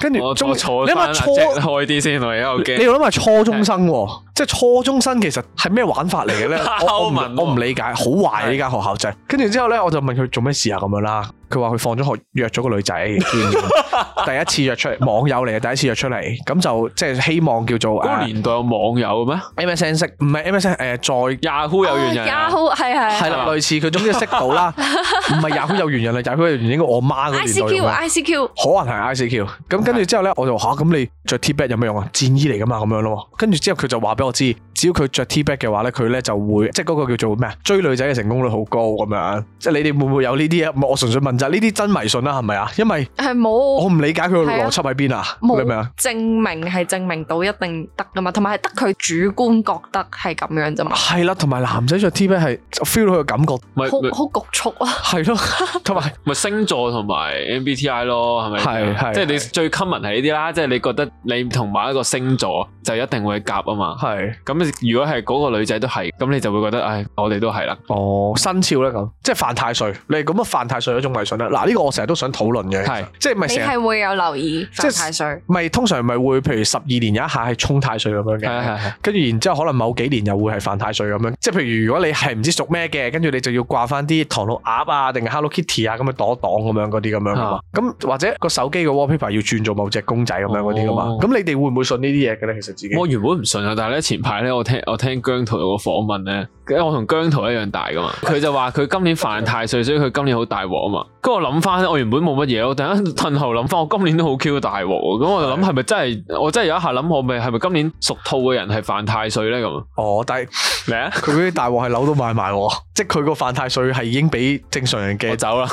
Speaker 1: 跟住你諗下，
Speaker 3: 開啲先我你
Speaker 1: 你初中生。即係初中生其實係咩玩法嚟嘅咧？我唔我唔理解好壞呢間學校真係，跟住之後咧，我就問佢做咩事啊咁樣啦。佢話佢放咗學，約咗個女仔，第一次約出嚟，網友嚟嘅第一次約出嚟，咁就即係希望叫做嗰個年代有網友嘅咩？M S N 識唔係 M S N 誒，在 Yahoo 有緣人，Yahoo
Speaker 2: 係係係啦，類似佢總之識到啦，唔係 Yahoo
Speaker 1: 有緣人啦，Yahoo 嘅緣應該我媽個年代 I C Q I C Q 可能係 I C Q 咁，跟住之後咧，我就吓咁你着 T 恤有咩用啊？戰衣嚟噶嘛，咁樣咯。跟住之後佢就話俾。我知，只要佢着 T-back 嘅話咧，佢咧就會即係嗰個叫做咩啊，追女仔嘅成功率好高咁樣。即係你哋會唔會有呢啲啊？我純粹問就呢啲真迷信啦，係咪啊？因為係冇，我唔理解佢個邏輯喺邊啊？沒你明啊？
Speaker 2: 證明係證明到一定得噶嘛？同埋係得佢主觀覺得係咁
Speaker 1: 樣啫嘛？係啦，同埋男仔着 T-back 係 feel 到佢感覺，好好局促啊。係 咯，
Speaker 3: 同埋咪星座同埋 MBTI 咯，係咪？係係，即係你最 common 係呢啲啦。即係你覺得你同埋一個星座就一定會夾啊嘛？係咁，如果係嗰個女仔都係，咁你就會覺得，唉，我哋都係啦。哦，生肖咧咁， 即係犯太歲，你咁啊犯
Speaker 1: 太歲嗰種迷信啦。嗱，呢、這個我成日都想討論嘅，係是即係咪你係
Speaker 2: 會有留意歲即犯太歲？
Speaker 1: 咪通常咪會譬如十二年有一下係沖太歲咁樣嘅，跟住然之後，後可能某幾年又會係犯太歲咁樣，即係譬如如果你係唔知屬咩嘅，跟住你就要掛翻啲唐老鴨啊，定係 Hello Kitty 啊咁樣擋擋咁樣嗰啲咁樣噶嘛。咁的或者個手機嘅 wallpaper 要轉做某隻公仔咁樣
Speaker 3: 嗰啲噶嘛。咁、哦、你哋會唔會信呢啲嘢嘅咧？其實自己我原本唔信啊，但係咧。前排咧，我聽我聽姜濤個訪問咧，因為我同姜濤一樣大噶嘛，佢就話佢今年犯太歲，所以佢今年好大鑊啊嘛。咁我諗翻我原本冇乜嘢，我突然間褪後諗翻，我今年都好 Q 大鑊喎。咁我就諗係咪真係，我真係有一下諗我咪係咪今年屬兔嘅人係犯太歲咧咁？哦，但係咩啊，佢嗰啲大鑊係樓都買埋， 即係佢個犯太歲係已經比正常人嘅走
Speaker 1: 啦，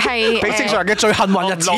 Speaker 1: 係比正常人嘅最幸運日子，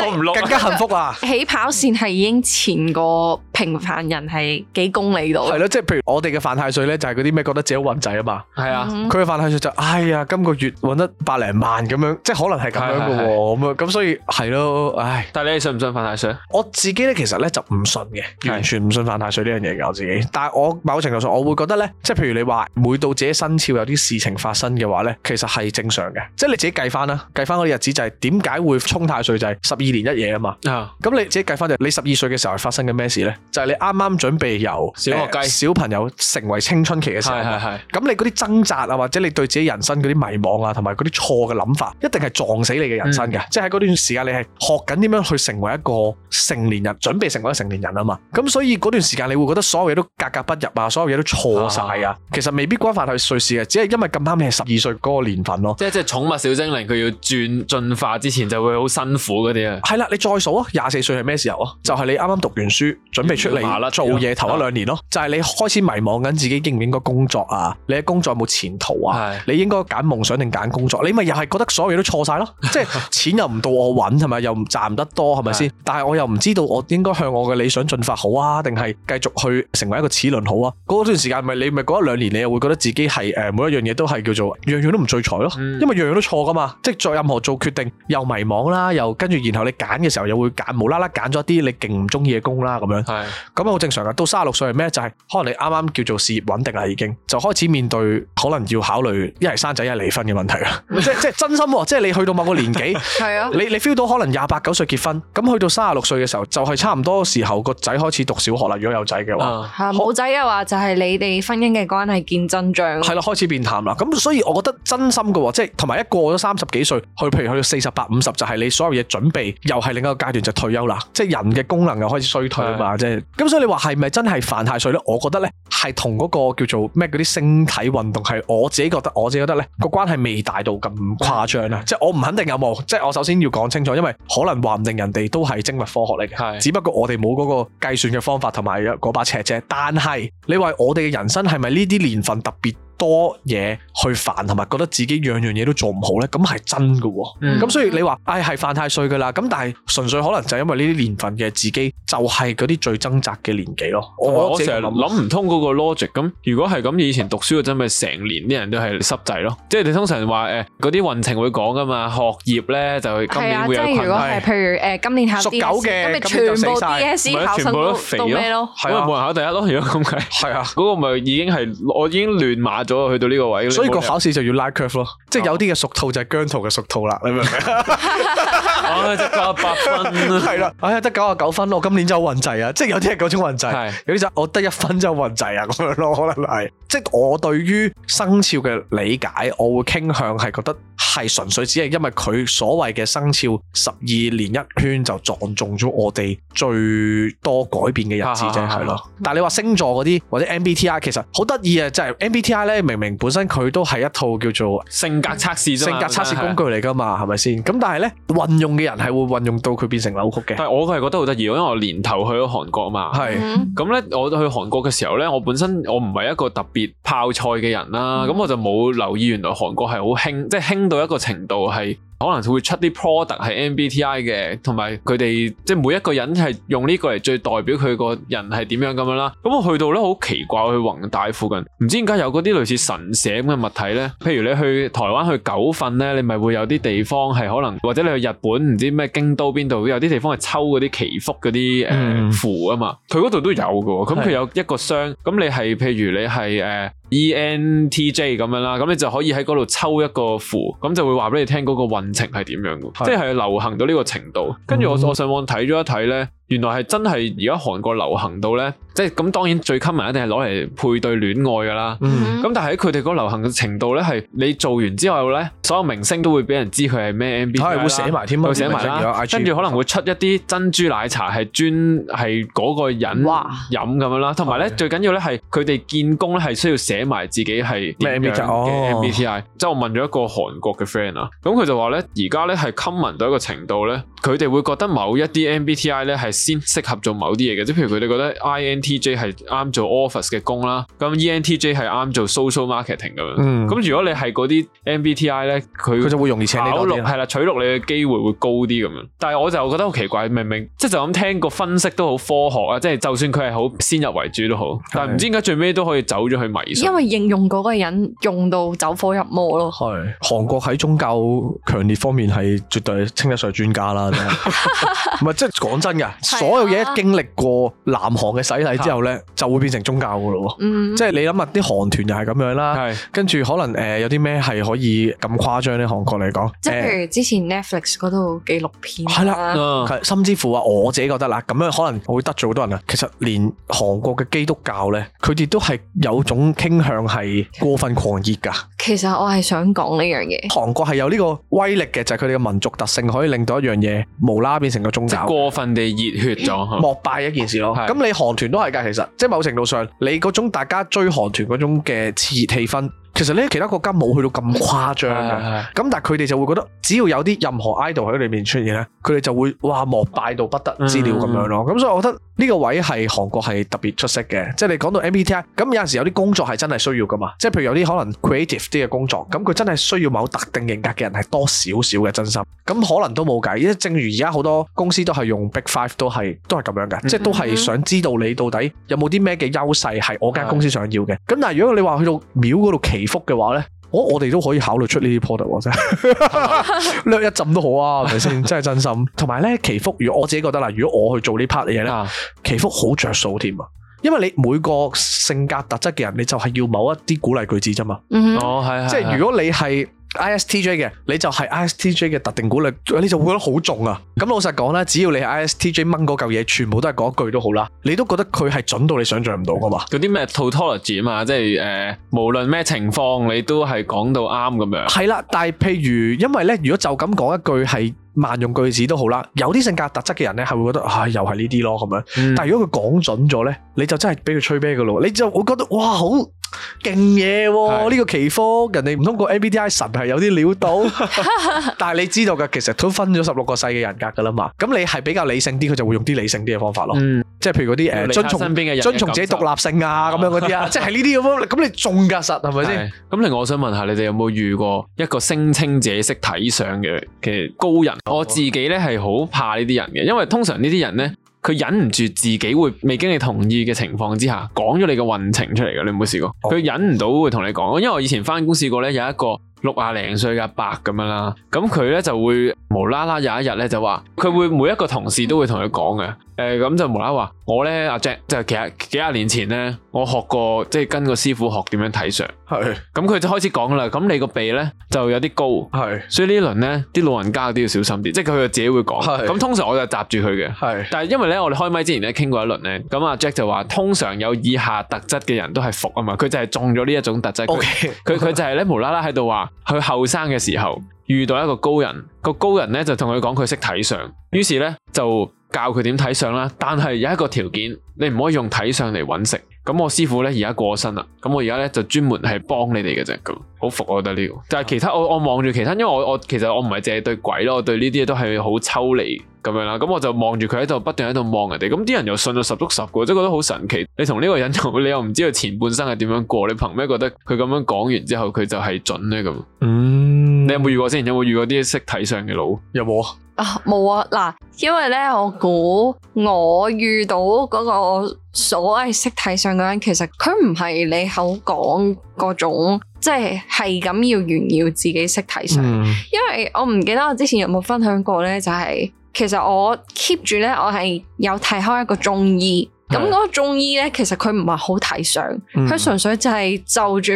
Speaker 1: 我唔落、 就是、更加幸福啊！
Speaker 2: 起跑線係已經前過平凡人係幾公里。係
Speaker 1: 咯， 即係譬如我哋嘅犯太歲咧，就係嗰啲咩覺得自己好運滯啊嘛。係是啊，佢嘅犯太歲就哎呀，今個月揾得百零萬咁樣，即係可能係咁樣嘅喎。
Speaker 3: 咁啊，咁是所以係咯，唉。但係你信唔信犯太歲？我自
Speaker 1: 己咧，其實咧就唔信嘅，完全唔信犯太歲呢樣嘢嘅。我自己，但係我某程度上我會覺得咧，即係譬如你話每到自己生肖有啲事情發生嘅話咧，其實係正常嘅。即係你自己計翻啦，計翻嗰啲日子就係點解會沖太歲就係十二年一夜啊嘛。啊、uh，咁、huh. 你自己計翻就你十二歲嘅時候發生嘅咩事咧？就係、是、你啱啱準備由。嗯小朋友成為青春期嘅時候，咁是你嗰啲掙扎啊，或者你對自己人生嗰啲迷茫啊，同埋嗰啲錯嘅諗法，一定係撞死你嘅人生嘅。嗯、即係喺嗰段時間，你係學緊點樣去成為一個成年人，準備成為一個成年人啊嘛。咁所以嗰段時間，你會覺得所有嘢都格格不入啊，所有嘢都錯晒啊。其實未必關犯太歲事啊，只係因為咁啱你係十二歲嗰個年份咯、
Speaker 3: 啊。即係即係寵物小精靈佢要轉進化之前就會好辛苦嗰啲啊。係啦，你再數啊，廿四歲係咩時候啊？就
Speaker 1: 係你啱啱讀完書，準備出嚟做嘢頭一兩年咯、啊。就係你開始迷茫緊自己應唔應該工作啊？你嘅工作有冇前途啊？是你應該揀夢想定揀工作？你咪又係覺得所有嘢都錯晒咯？ 即係錢又唔到我搵係咪？又唔賺得多係咪先？是是是但係我又唔知道我應該向我嘅理想進發好啊？定係繼續去成為一個齒輪好啊？嗰段時間咪你咪嗰一兩年你又會覺得自己係誒、呃、每一樣嘢都係叫做樣樣都唔聚財咯，因為樣樣都錯噶嘛。嗯、即係做任何做決定又迷茫啦，又跟住然後你揀嘅時候又會揀無啦啦揀咗一啲你勁唔中意嘅工啦咁樣，咁啊好正常啊。到卅六歲係咩？就係可能你啱啱叫做事業穩定啦，已經就開始面對可能要考慮一係生仔一係離婚嘅問題啦。即即真心，即係你去到某個年紀，係啊， 你你 feel 到可能廿八九歲結婚，咁去到三十六歲嘅時候，就係差唔多時候個仔開始讀小學啦。如果有仔嘅話，
Speaker 2: 冇仔嘅話就係好你哋婚姻嘅關
Speaker 1: 係見真章。係啦，開始變淡啦。咁所以我覺得真心嘅，即係同埋一過咗三十幾歲，去譬如去到四十八、五十，就係你所有嘢準備，又係另一個階段就退休啦。即係人嘅功能又開始衰退啊嘛。即係咁，所以 一你話係咪真係犯下？所以呢，我覺得呢係同嗰個叫做咩嗰啲星體運動，係我自己覺得，我自己覺得呢個關係未大到咁誇張啊！嗯、即係我唔肯定有冇，即係我首先要講清楚，因為可能話唔定人哋都係精密科學嚟嘅，是只不過我哋冇嗰個計算嘅方法同埋嗰把尺啫。但係你話我哋嘅人生係咪呢啲年份特別？多嘢去煩，同埋覺得自己樣樣嘢都做唔好咧，咁係真嘅喎。咁所以你話唉係犯太歲嘅啦。咁但係純粹可能就因為呢啲年份嘅自己就係嗰啲最掙扎嘅年紀咯。我我成日諗唔
Speaker 3: 通嗰個 logic。咁如果係咁，以前讀書嘅真係成年啲人都係濕滯咯。即係你通常話誒嗰啲運程會講噶嘛？學業咧就今年會有困難。即係如果係
Speaker 2: 譬如誒今年考 DSE，咁咪全部 DSE 考生都都肥咯？咁咪冇
Speaker 3: 人考第一咯。如果咁計係啊，嗰個咪已經係我已經亂碼。咗去到呢個位，所以個考試就要拉 curve 咯，即係有啲嘅熟套就係姜濤嘅熟
Speaker 1: 套啦，你明
Speaker 3: 唔明？唉，得八十分
Speaker 1: 啦，係啦，唉，得九啊九分，我今年就運滯啊，即係有啲係嗰種運滯，有啲就我得一分就運滯啊，咁樣咯，可能係，即係我對於生肖嘅理解，我會傾向係覺得係純粹只係因為佢所謂嘅生肖十二年一圈就撞中咗我哋最多改變嘅日子啫，係咯。但係你話星座嗰啲或者 MBTI，其實好得意啊，就係 MBTI 咧。明明本身佢都係一套叫做性
Speaker 3: 格測試、性格測試工具
Speaker 1: 嚟㗎嘛，係咪先？咁但係咧，運用嘅人係會運用到佢變成扭曲嘅。但係
Speaker 3: 我係覺得好得意，因為我年頭去咗韓國啊嘛，係咁咧，嗯、我去韓國嘅時候咧，我本身我唔係一個特別泡菜嘅人啦，咁、嗯、我就冇留意原來韓國係好興，即係興到一個程度係。可能會出啲 product 係 MBTI 嘅，同埋佢哋即係每一個人係用呢個嚟最代表佢個人係點樣咁樣啦。咁我去到咧好奇怪，去宏大附近，唔知點解有嗰啲類似神社咁嘅物體咧。譬如你去台灣去九份咧，你咪會有啲地方係可能，或者你去日本唔知咩京都邊度，有啲地方係抽嗰啲祈福嗰啲誒符啊嘛。佢嗰度都有嘅，咁佢有一個箱，咁的你係譬如你係誒。呃 E N T J 咁樣啦，咁你就可以喺嗰度抽一個符，咁就會話俾你聽嗰個運程係點樣嘅，是的即係流行到呢個程度。跟住、嗯、我上網睇咗一睇咧。原來係真係而家韓國流行到咧，即係咁當然最 common 一定係攞嚟配對戀愛㗎喇。咁、mm hmm。但係佢哋嗰流行嘅程度咧，係你做完之後咧，所有明星都會俾人知佢係咩 MBTI。係會寫埋添，會寫埋啦。跟住可能會出一啲珍珠奶茶係專係嗰個人飲咁樣啦。同埋咧最緊要咧係佢哋見工咧係需要寫埋自己係點樣嘅 MBTI。I，哦、即係我問咗一個韓國嘅 friend 啊，咁佢就話咧而家咧係 common 到一個程度咧，佢哋會覺得某一啲 MBTI 咧係。先適合做某啲嘢嘅，即係譬如佢哋覺得 INTJ 係啱做 office 嘅工啦，咁 ENTJ 係啱做 social marketing 咁樣。咁如果你係嗰啲 MBTI 咧，佢佢就會容易請你，係啦，取錄你嘅機會會高啲咁樣。但係我就覺得好奇怪，明明，即係就咁、是、聽個分析都好科學啊，即、就、係、是、就算佢係好先入為主都好，但係唔知點解最尾都可以走咗去迷信。因
Speaker 2: 為應用嗰個人用到走火入魔咯。係是
Speaker 1: 韓國喺宗教強烈方面係絕對稱得上專家啦，唔係即係講真㗎。所有嘢，經歷過南韓嘅洗禮之後呢，是的 就會變成宗教噶咯喎。嗯、即係你諗下啲韓團又係咁樣啦，是的 跟住可能誒、呃、有啲咩係可以咁誇張呢？韓國嚟講，即係譬如
Speaker 2: 之前 Netflix 嗰套紀錄片，係啦、啊，uh.
Speaker 1: 甚至乎啊，我自己覺得啦，咁樣可能會得罪好多人啊。其實連韓國嘅基督教呢，佢哋都係有種傾向係過分狂熱㗎。
Speaker 2: 其實我係想講呢樣嘢，韓
Speaker 1: 國係有呢個威力嘅，就係佢哋嘅民族特性可以令到一樣嘢無啦啦變成個宗教，過
Speaker 3: 分地熱。血咗，膜拜一件事咯。咁是
Speaker 1: 的 你韓團都係噶，其實即係某程度上，你嗰種大家追韓團嗰種嘅熾熱氣氛。其實咧，其他國家冇去到咁誇張咁的，但係佢哋就會覺得只要有啲任何 idol 喺裏面出現咧，佢哋就會哇膜拜到不得之了咁樣咯。咁、嗯、所以我覺得呢個位係韓國係特別出色嘅，即係你講到 MBTI，咁有陣時有啲工作係真係需要噶嘛。即係譬如有啲可能 creative 啲嘅工作，咁佢真係需要某特定性格嘅人係多少少嘅真心。咁可能都冇計，因正如而家好多公司都係用 Big Five，都係都係咁樣嘅，即係、嗯、都係想知道你到底有冇啲咩嘅優勢係我間公司想要嘅。咁的，但係如果你話去到廟嗰度企。祈福嘅話咧，我我哋都可以考慮出呢啲 product 喎，真，略 一浸都好啊，係咪先？ 真係真心。同埋咧，祈福，如果我自己覺得啦，如果我去做呢 part 嘅嘢咧，祈福好着數添啊，因為你每個性格特質嘅人，你就係要某一啲鼓勵句子啫嘛。嗯、哼哦，係啊，即係如果你係。ISTJ 嘅你就係 ISTJ 嘅特定規律，你就會覺得好重啊！咁、嗯、老實講啦，只要你係 ISTJ 掹嗰嚿嘢，全部都係講一句都好啦，你都覺得佢係準到你想象唔到噶嘛？
Speaker 3: 嗰啲咩套套邏輯啊嘛，即係誒、呃，無論咩情況你都係講到啱咁樣。係啦，但係譬如因為咧，如果就
Speaker 1: 咁講一句係萬用句子都好啦，有啲性格特質嘅人咧係會覺得啊、哎，又係呢啲咯咁樣。嗯、但係如果佢講準咗咧，你就真係俾佢吹啤噶咯，你就會覺得哇好。勁嘢喎！呢個奇科，人哋唔通過 MBTI 神係有啲料到，但係你知道噶，其實都分咗十六個世嘅人格噶啦嘛。咁你係比較理性啲，佢就會用啲理性啲嘅方法咯。即係譬如嗰啲誒，尊重身邊嘅人，尊重自己獨立性啊，咁樣嗰啲啊，即係呢啲咁樣。咁你仲
Speaker 3: 夾實係咪先？咁另外我想問下，你哋有冇遇過一個聲稱自己識睇相嘅嘅高人？我自己咧係好怕呢啲人嘅，因為通常呢啲人咧。佢忍唔住自己會未經你同意嘅情況之下，講咗你嘅運程出嚟嘅，你有冇試過？佢、哦、忍唔到會同你講，因為我以前返工試過咧，有一個六啊零歲嘅阿伯咁樣啦，咁佢咧就會。無啦啦有一日咧就話佢會每一個同事都會同佢講嘅，誒、呃、咁就無啦啦話我咧阿、啊、Jack 就其實幾廿年前咧我學過，即係跟個師傅學點樣睇相是，係咁佢就開始講啦，咁你個鼻咧就有啲高，係是所以一輪呢輪咧啲老人家都要小心啲，即係佢個自己會講，咁是通常我就閘住佢嘅，係是但係因為咧我哋開咪之前咧傾過一輪咧，咁阿 Jack 就話通常有以下特質嘅人都係伏啊嘛，佢就係中咗呢一種特質，佢佢 Okay. 就係咧無啦啦喺度話佢後生嘅時候。遇到一個高人，個高人咧就同佢講佢識睇相，於是咧就教佢點睇相啦。但係有一個條件，你唔可以用睇相嚟揾食。咁我師傅咧而家過身啦，咁我呢而家咧就專門係幫你哋嘅啫咁。好服我覺得呢、呢個，但係其他我我望住其他，因為我我其實我唔係淨係對鬼咯，我對呢啲嘢都係好抽離咁樣啦。咁我就望住佢喺度不斷喺度望人哋，咁啲人又信到十足十嘅，真覺得好神奇。你同呢個人，你又唔知道前半生係點樣過，你憑咩覺得佢咁樣講完之後佢就係準呢？咁？嗯。你有冇遇過，之前有冇遇過啲識睇相嘅佬？有冇啊？
Speaker 2: 沒啊，冇啊！嗱，因為呢，我估我遇到嗰個所謂識睇相嘅人，其實佢唔係你口講嗰種，即係係咁要炫耀自己識睇相。嗯、因為我唔記得我之前有冇分享過呢，就係、是、其實我 keep 住呢，我係有睇開一個中醫。咁嗰個中醫咧，其實佢唔係好睇相，佢純、嗯、粹就係就住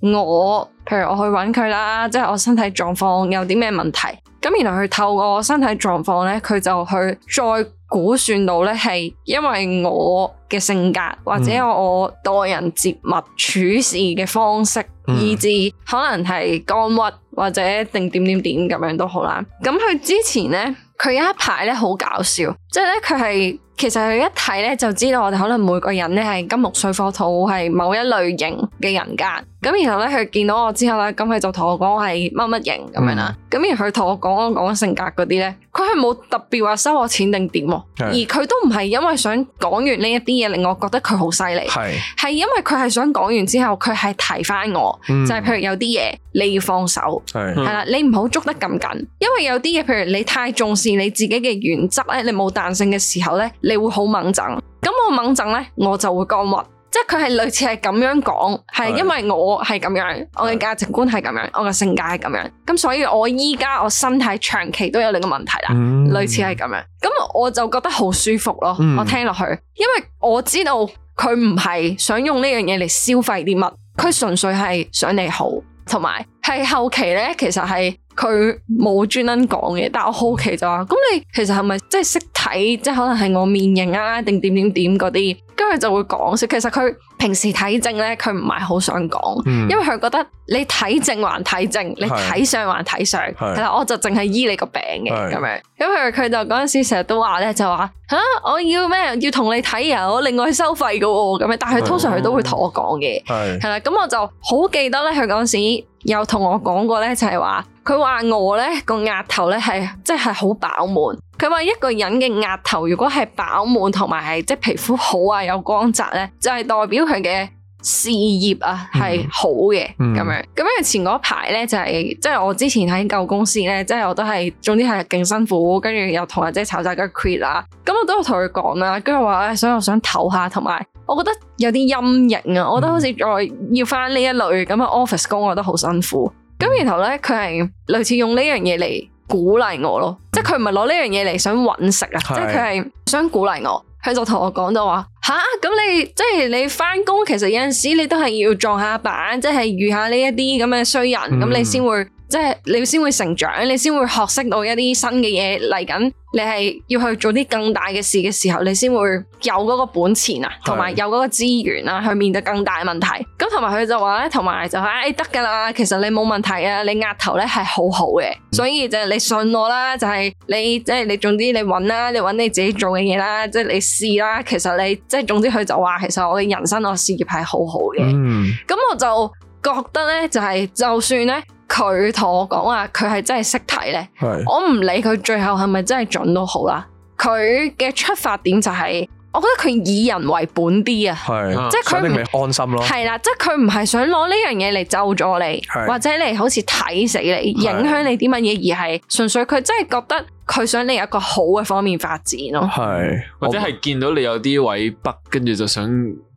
Speaker 2: 我，譬如我去搵佢啦，即係我身體狀況有啲咩問題，咁然後佢透過我身體狀況咧，佢就去再估算到咧，係因為我嘅性格或者我待人接物處事嘅方式，嗯、以致可能係肝鬱，或者定點點點咁樣都好啦。咁佢之前咧，佢一排咧好搞笑，即係咧佢係。其實佢一睇咧，就知道我哋可能每個人咧係金木水火土係某一類型嘅人格。咁然後咧，佢見到我之後咧，咁佢就同我講我係乜乜型咁樣啦。咁然後佢同我講我講性格嗰啲咧，佢係冇特別話收我錢定點，是而佢都唔係因為想講完呢一啲嘢，令我覺得佢好犀利。係是，係因為佢係想講完之後，佢係提翻我，嗯、就係譬如有啲嘢你要放手係，係啦是是，你唔好捉得咁緊，因為有啲嘢譬如你太重視你自己嘅原則咧，你冇彈性嘅時候咧。你會好猛憎。咁我猛憎呢，我就會干暈，即係佢係類似係咁樣講，係因為我係咁樣，我嘅價值觀係咁樣，我嘅性格係咁樣，咁所以我依家我身體長期都有另一個問題啦，嗯、類似係咁樣，咁我就覺得好舒服咯，嗯、我聽落去，因為我知道佢唔係想用呢樣嘢嚟消費啲乜，佢純粹係想你好，同埋係後期呢，其實係。佢冇專登講嘅，但係我好奇就話：咁你其實係咪即係識睇？即係可能係我面型啊，定點點點嗰啲？跟住佢就會講先。其實佢平時睇症咧，佢唔係好想講，嗯、因為佢覺得你睇症還睇症，你睇相還睇相。係啦是，我就淨係醫你個病嘅咁是的 樣。咁佢佢就嗰陣時成日都話咧，就話嚇，我要咩？要同你睇啊？我另外收費嘅喎咁樣。但係佢通常佢都會同我講嘅。係啦，咁我就好記得咧，佢嗰陣時有同我講過咧，就係、是、話。佢話我呢個額頭呢係即係好飽滿。佢話一個人嘅額頭如果係飽滿同埋係即係皮膚好啊有光澤呢，就係、是、代表佢嘅事業啊係、嗯、好嘅咁、嗯、樣。咁咧前嗰排呢，就係、是、即係我之前喺舊公司呢，即係我都係，總之係勁辛苦，跟住又同阿姐炒炸雞 quit 啦。咁我都有同佢講啦，跟住話唉，所以我想唞下，同埋我覺得有啲陰影啊，我覺得好似再要返呢一類咁嘅 office 工，我覺得好辛苦。咁然後呢，佢係類似用呢樣嘢嚟鼓勵我咯，即係佢唔係攞呢樣嘢嚟想揾食啊，是即係佢係想鼓勵我，佢就同我講到話吓，咁你即係你返工，其實有陣時你都係要撞下板，即係遇下呢一啲咁嘅衰人，咁、嗯、你先會。即係你先會成長，你先會學識到一啲新嘅嘢嚟緊。你係要去做啲更大嘅事嘅時候，你先會有嗰個本錢啊，同埋有嗰個資源啦，去面對更大嘅問題。咁同埋佢就話咧，同埋就誒得噶啦，其實你冇問題啊，你額頭咧係好好嘅。所以就係你信我啦，就係、是、你即係、就是你，你，你，你，就是、你，你，總之你搵啦，你搵你自己做嘅嘢啦，即係你試啦。其實你即係總之，佢就話其實我嘅人生我事業係好好嘅。咁、嗯、我就覺得咧、就是，就係就算咧。佢同我講話，佢係真係識睇。呢。是我唔理佢最後係咪真係準都好啦。佢嘅出發點就係、是，我覺得佢以人為本啲啊，是即係佢
Speaker 1: 唔安心咯。係
Speaker 2: 啦，即係佢唔係想攞呢樣嘢嚟咒咗你，是或者你好似睇死你，影響你啲乜嘢，是而係純粹佢真係覺得佢想你有一個好嘅方面發展咯。
Speaker 3: 係或者係見到你有啲位筆，跟住就想。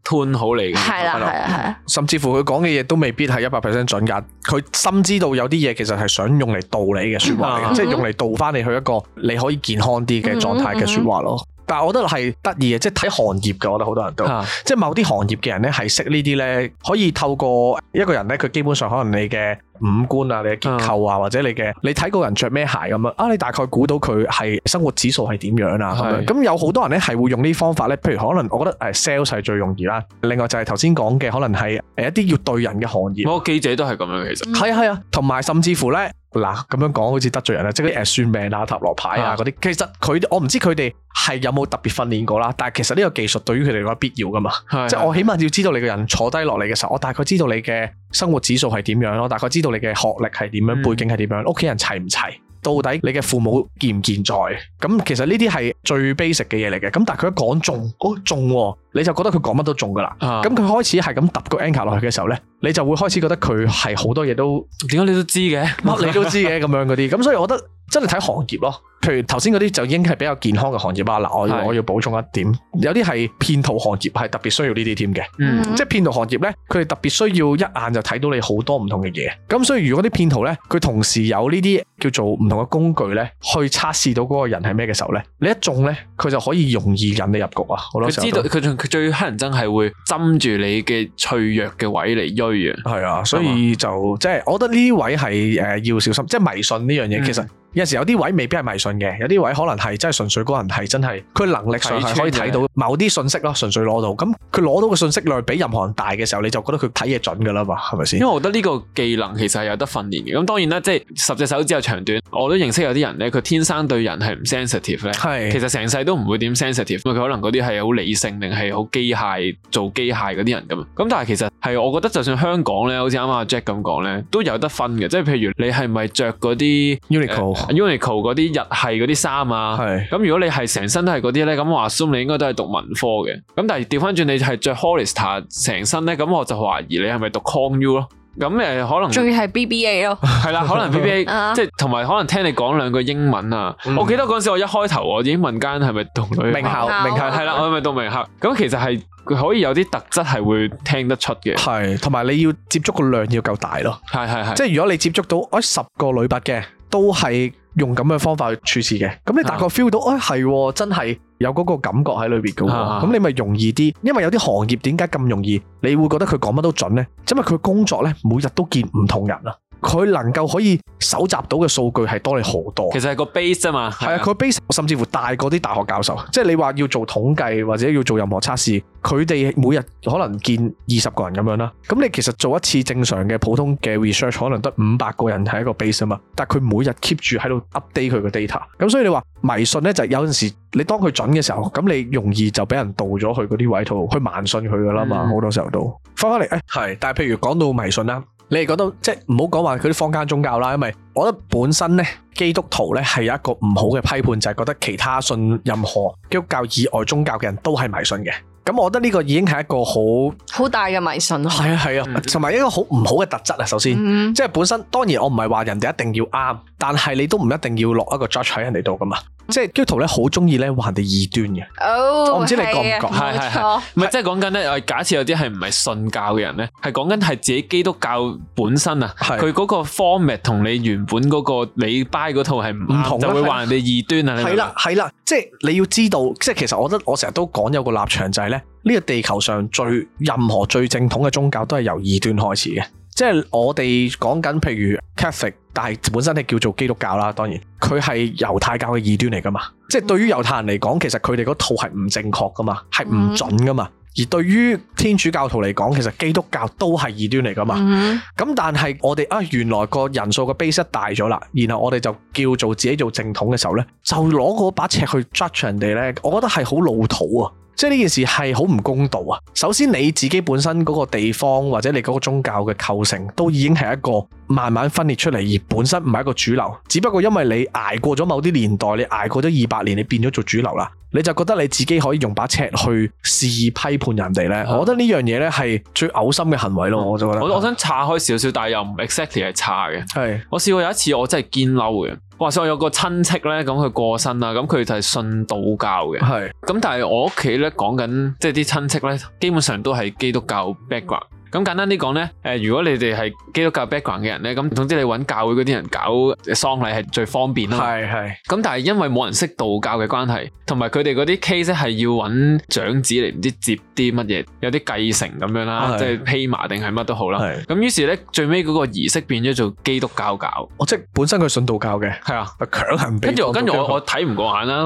Speaker 3: 判好嚟嘅，係啦，係啊，係啊，甚至乎佢講嘅嘢都
Speaker 1: 未必係一百 percent 準㗎，佢深知道有啲嘢其實係想用嚟導你嘅説話 即係用嚟導返你去一個你可以健康啲嘅狀態嘅説話咯。 但我覺得係得意嘅，即係睇行業嘅。我覺得好多人都是、啊、即係某啲行業嘅人咧，係識呢啲咧，可以透過一個人咧，佢基本上可能你嘅五官啊、你嘅結構啊，是啊或者你嘅你睇個人着咩鞋咁樣啊，你大概估到佢係生活指數係點樣啊咁是、啊、有好多人咧係會用呢方法咧，譬如可能我覺得誒 sales 係最容易啦。另外就係頭先講嘅，可能係誒一啲要對人嘅
Speaker 3: 行業，我記者都係咁樣其實。係啊係啊，
Speaker 1: 同埋甚至乎咧。嗱，咁樣講好似得罪人啦，即係啲算命啊、塔羅牌啊嗰啲、嗯，其實佢我唔知佢哋係有冇特別訓練過啦，但係其實呢個技術對於佢哋嚟講必要噶嘛，是的 即係我起碼要知道你個人坐低落嚟嘅時候，我大概知道你嘅生活指數係點樣咯，大概知道你嘅學歷係點樣，嗯、背景係點樣，屋企人齊唔齊，到底你嘅父母健唔健在，咁其實呢啲係最 basic 嘅嘢嚟嘅，咁但係佢一講中，哦中、啊你就覺得佢講乜都中㗎喇，咁佢、啊、開始係咁揼個 anchor 落去嘅時候呢，你就會開始覺得佢係好多嘢，都點解你都知嘅乜 你都知嘅咁樣嗰啲，咁所以我覺得真係睇行業咯，譬如頭先嗰啲就已經係比較健康嘅行業啦、啊。我，我要補充一點，是有啲係騙徒行業係特別需要呢啲添嘅，嗯、即係騙徒行業呢，佢特別需要一眼就睇到你好多唔同嘅嘢。咁所以如果啲騙徒呢，佢同時有呢啲叫做唔同嘅工具呢，去測試到嗰個人係咩嘅時候呢，你一中呢。佢就可以容易引你入局啊！佢知道
Speaker 3: 佢最佢最黑人憎係會針住你嘅脆弱嘅位嚟追啊！係
Speaker 1: 啊，所以就嗎即係，我覺得呢位係、呃、要小心，即係迷信呢樣嘢，其實、嗯。有時有啲位未必係迷信嘅，有啲位可能係真係純粹個人係真係佢能力上係可以睇到某啲信息咯，純粹攞到，咁佢攞到嘅信息量比任何人大嘅時候，你就覺得佢睇嘢準㗎喇嘛，係咪
Speaker 3: 先？因為我覺得呢個技能其實係有得訓練嘅，咁當然啦，即係十隻手指有長短，我都認識有啲人咧，佢天生對人係唔 sensitive 咧，係是其實成世都唔會點 sensitive，因為佢可能嗰啲係好理性定係好機械做機械嗰啲人咁啊，咁但係其實係我覺得就算香港咧，好似啱啱阿 Jack 咁講咧，都有得分嘅，即係譬如你係咪着嗰啲 Uniqlo Uniqlo 嗰啲日系嗰啲衫啊，咁如果你係成身都係嗰啲咧，咁話 assume 你應該都係讀文科嘅。咁但係調返轉你係着 Hollister 成身咧，咁我就懷疑你係咪讀 Con U 咯？咁誒可能，仲要
Speaker 2: 係 BBA 咯，係啦，可能 BBA 即
Speaker 3: 係同埋可能聽你講兩句英文啊。嗯、我記得嗰陣時我一開頭我已經問間係咪讀女名校名校，係啦，我係咪讀名校？咁其實係可以有啲特質係會聽得出嘅，係同埋你要接觸個量要夠大咯，係係係，即係、就是、
Speaker 1: 如果你接觸到我十個女八嘅。都係用咁嘅方法去處事嘅，咁你大概 feel 到，啊、哎，係喎，真係有嗰個感覺喺裏邊嘅，咁、啊、你咪容易啲。因為有啲行業點解咁容易，你會覺得佢講乜都準咧？因為佢工作咧，每日都見唔同人啦。佢能夠可以搜集到嘅數據係多你好多，
Speaker 3: 其實係個 base 啊嘛，係啊，佢 base 甚至乎大
Speaker 1: 過啲大學教授，即係你話要做統計或者要做任何測試，佢哋每日可能見二十個人咁樣啦。咁你其實做一次正常嘅普通嘅 research，可能得五百個人係一個 base 啊嘛。但係佢每日 keep 住喺度 update 佢個 data。咁所以你話迷信咧，就係、是、有陣時你當佢準嘅時候，咁你容易就俾人盜咗佢嗰啲位圖去盲信佢噶啦嘛。好、嗯、多時候都翻返嚟，係、哎。但係譬如講到迷信啦。你哋覺得即係唔好講話嗰啲坊間宗教啦，因為我覺得本身咧基督徒咧係有一個唔好嘅批判，就係、是、覺得其他信任何基督教以外宗教嘅人都係迷信嘅。咁我覺得呢個已經係一個好好大嘅迷信咯，係啊係啊，同埋一個好唔好嘅特質啊。首先，即係本身當然我唔係話人哋一定要啱，但係你都唔一定要落一個 judge 喺人哋度噶嘛。即係基督徒咧，好中意咧話人哋異端嘅。我唔知你覺唔覺，係係
Speaker 3: 唔係即係講緊咧？假設有啲係唔係信教嘅人咧，係講緊係自己基督教本身啊，佢嗰個 f o r m a t 同你原本嗰個禮 y 嗰套係唔同，就會話人哋異端啊。係啦
Speaker 1: 係啦，即係你要知道，即係其實我覺得我成日都講有個立場就係咧。呢個地球上最任何最正統嘅宗教都係由異端開始嘅，即係我哋講緊譬如 Catholic，但係本身係叫做基督教啦，當然佢係猶太教嘅異端嚟噶嘛，即係對於猶太人嚟講，其實佢哋嗰套係唔正確噶嘛，係唔准噶嘛。而對於天主教徒嚟講，其實基督教都係異端嚟噶嘛。咁、mm hmm. 但係我哋啊，原來個人數嘅 base 大咗啦，然後我哋就叫做自己做正統嘅時候呢，就攞嗰把尺去 judge 人哋呢，我覺得係好老土啊。即係呢件事係好唔公道啊！首先你自己本身嗰個地方或者你嗰個宗教嘅構成都已經係一個慢慢分裂出嚟，而本身唔係一個主流。只不過因為你捱過咗某啲年代，你捱過咗二百年，你變咗做主流啦，你就覺得你自己可以用把尺去肆意批判人哋咧。的我覺得呢樣嘢咧係最嘔心嘅行為咯，嗯、我就覺得。
Speaker 3: 我的我想岔開少少，但係又唔 exactly 係岔嘅。係的，我試過有一次我真係見嬲嘅。話說我有個親戚呢，咁佢過身啦，咁佢就係信道教嘅。係是，咁但係我屋企呢，講緊，即係啲親戚呢，基本上都係基督教 background。咁簡單啲講咧，誒，如果你哋係基督教 background 嘅人咧，咁總之你揾教會嗰啲人搞喪禮係最方便咯。係係。咁但係因為冇人識道教嘅關係，同埋佢哋嗰啲 case 係要揾長子嚟唔知接啲乜嘢，有啲繼承咁樣啦，即係披麻定係乜都好啦。係。咁於是咧，最尾嗰個儀式變咗做基督教搞。我即係本身佢信道教嘅。係啊，強行。跟住我跟住我，我睇唔過眼啦，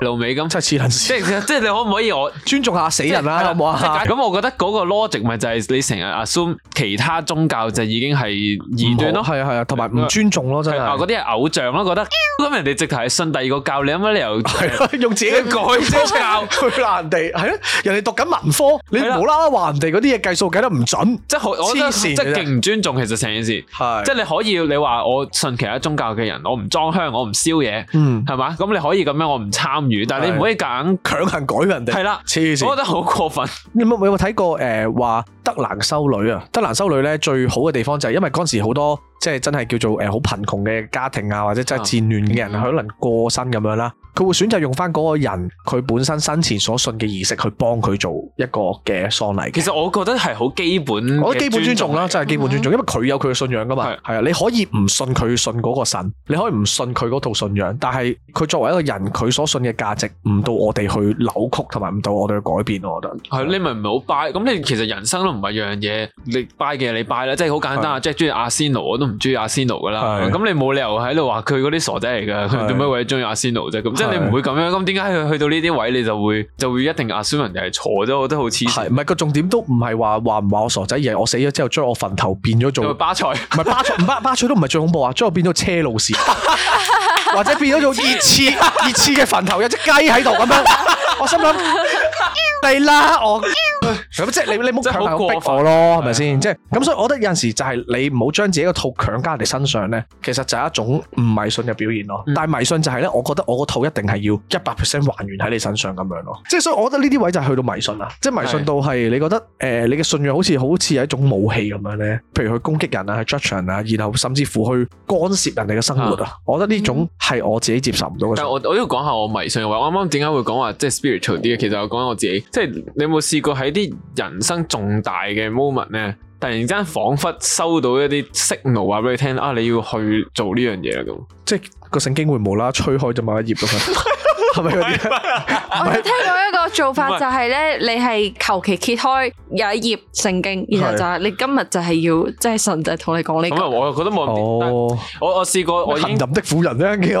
Speaker 3: 老尾咁。即係似卵似。即係即係，你可唔可以我尊重下死人啦？咁我覺得嗰個 logic 咪就係你成日。阿蘇，其他宗教就已經係異端咯。係啊係啊，同埋唔尊重咯，真係嗰啲係偶像咯，覺得咁人哋直頭係信第二個教，你有乜理由用自己嘅改教
Speaker 1: 佢鬧人哋，係啊，人哋讀緊文科，你無啦啦話人哋嗰啲嘢計數計得唔準，即係好黐線，即係勁唔
Speaker 3: 尊重，其實成件事係即係你可以你話我信其他宗教嘅人，我唔裝香，我唔燒嘢，嗯，係嘛？咁你可以咁樣，我唔參與，但係你唔可以揀強行改人哋，係啦，黐線，我覺得好過分。
Speaker 1: 你有冇睇過誒話德蘭修？修女啊，德蘭修女咧最好嘅地方就係因為嗰時好多即係真係叫做誒好貧窮嘅家庭啊，或者真係戰亂嘅人、啊嗯、可能過身咁樣啦，佢會選擇用翻嗰個人佢本身生前所信嘅儀式去幫佢做一個嘅喪禮。其
Speaker 3: 實我覺得係好基本，我覺得基本尊重啦，嗯、真係基本尊
Speaker 1: 重，因為佢有佢嘅信仰噶嘛，係啊是，你可以唔信佢信嗰個神，你可以唔信佢嗰套信仰，但係佢作為一個人佢所信嘅價值唔到我哋去扭曲同埋唔到我哋去改變，
Speaker 3: 我覺得係你咪唔好拜咁，你其實人生都唔係樣樣嘢。嘢你拜嘅你拜啦，即係好簡單啊。Jack 中意阿仙奴，ino, 我都唔中意阿仙奴噶啦。咁是、嗯、你冇理由喺度話佢嗰啲傻仔嚟噶，佢做咩為咗中意阿仙奴啫？咁即係你唔會咁樣。咁點解佢去到呢啲位，你就會就會一定阿仙奴人就係錯咗，我覺得好黐
Speaker 1: 線。唔係個重點都唔係話話唔話我傻仔，而係我死咗之後，將我墳頭變咗做是是巴塞，唔係巴塞，唔巴巴塞都唔係最恐怖啊，將我變咗車路士， 或者變咗做熱刺，熱刺嘅墳頭有隻雞喺度咁樣。 我心諗你啦，我。 即係你你唔好強迫逼我咯，係咪先？即係咁，所以我覺得有陣時就係你唔好將自己個套強加人哋身上咧，其實就係一種唔迷信嘅表現咯。但係迷信就係咧，我覺得我個套一定係要一百 percent 還原喺你身上咁樣咯。即係所以我覺得呢啲位就係去到迷信啦，即係迷信到係你覺得誒是、呃，你嘅信仰好似好似係一種武器咁樣咧，譬如去攻擊人啊，去 judge 人啊，然後甚至乎去干涉人哋嘅生活啊。嗯、我覺得呢種係我自己接受唔到。嘅。但
Speaker 3: 我我都要講下我迷信嘅位，啱啱點解會講話即係 spiritual 啲嘅？其實我講緊我自己，即係你有冇試過喺啲？人生重大嘅 moment 呢，突然之間仿佛收到一啲 signal 話俾你聽，啊你要去做呢樣嘢啦，咁
Speaker 1: 即係個神經會無啦啦吹開咗某一頁咁樣。
Speaker 2: 我聽過一個做法就係咧，你係求其揭開有一頁聖經，是然後就係你今日就係要即係、就是、神就同你講呢、這個。咁
Speaker 3: 啊、嗯，我又覺得冇。哦、我我試過麼我已經。行淫的婦人咧，唔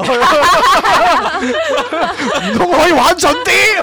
Speaker 3: 通 可以玩盡啲？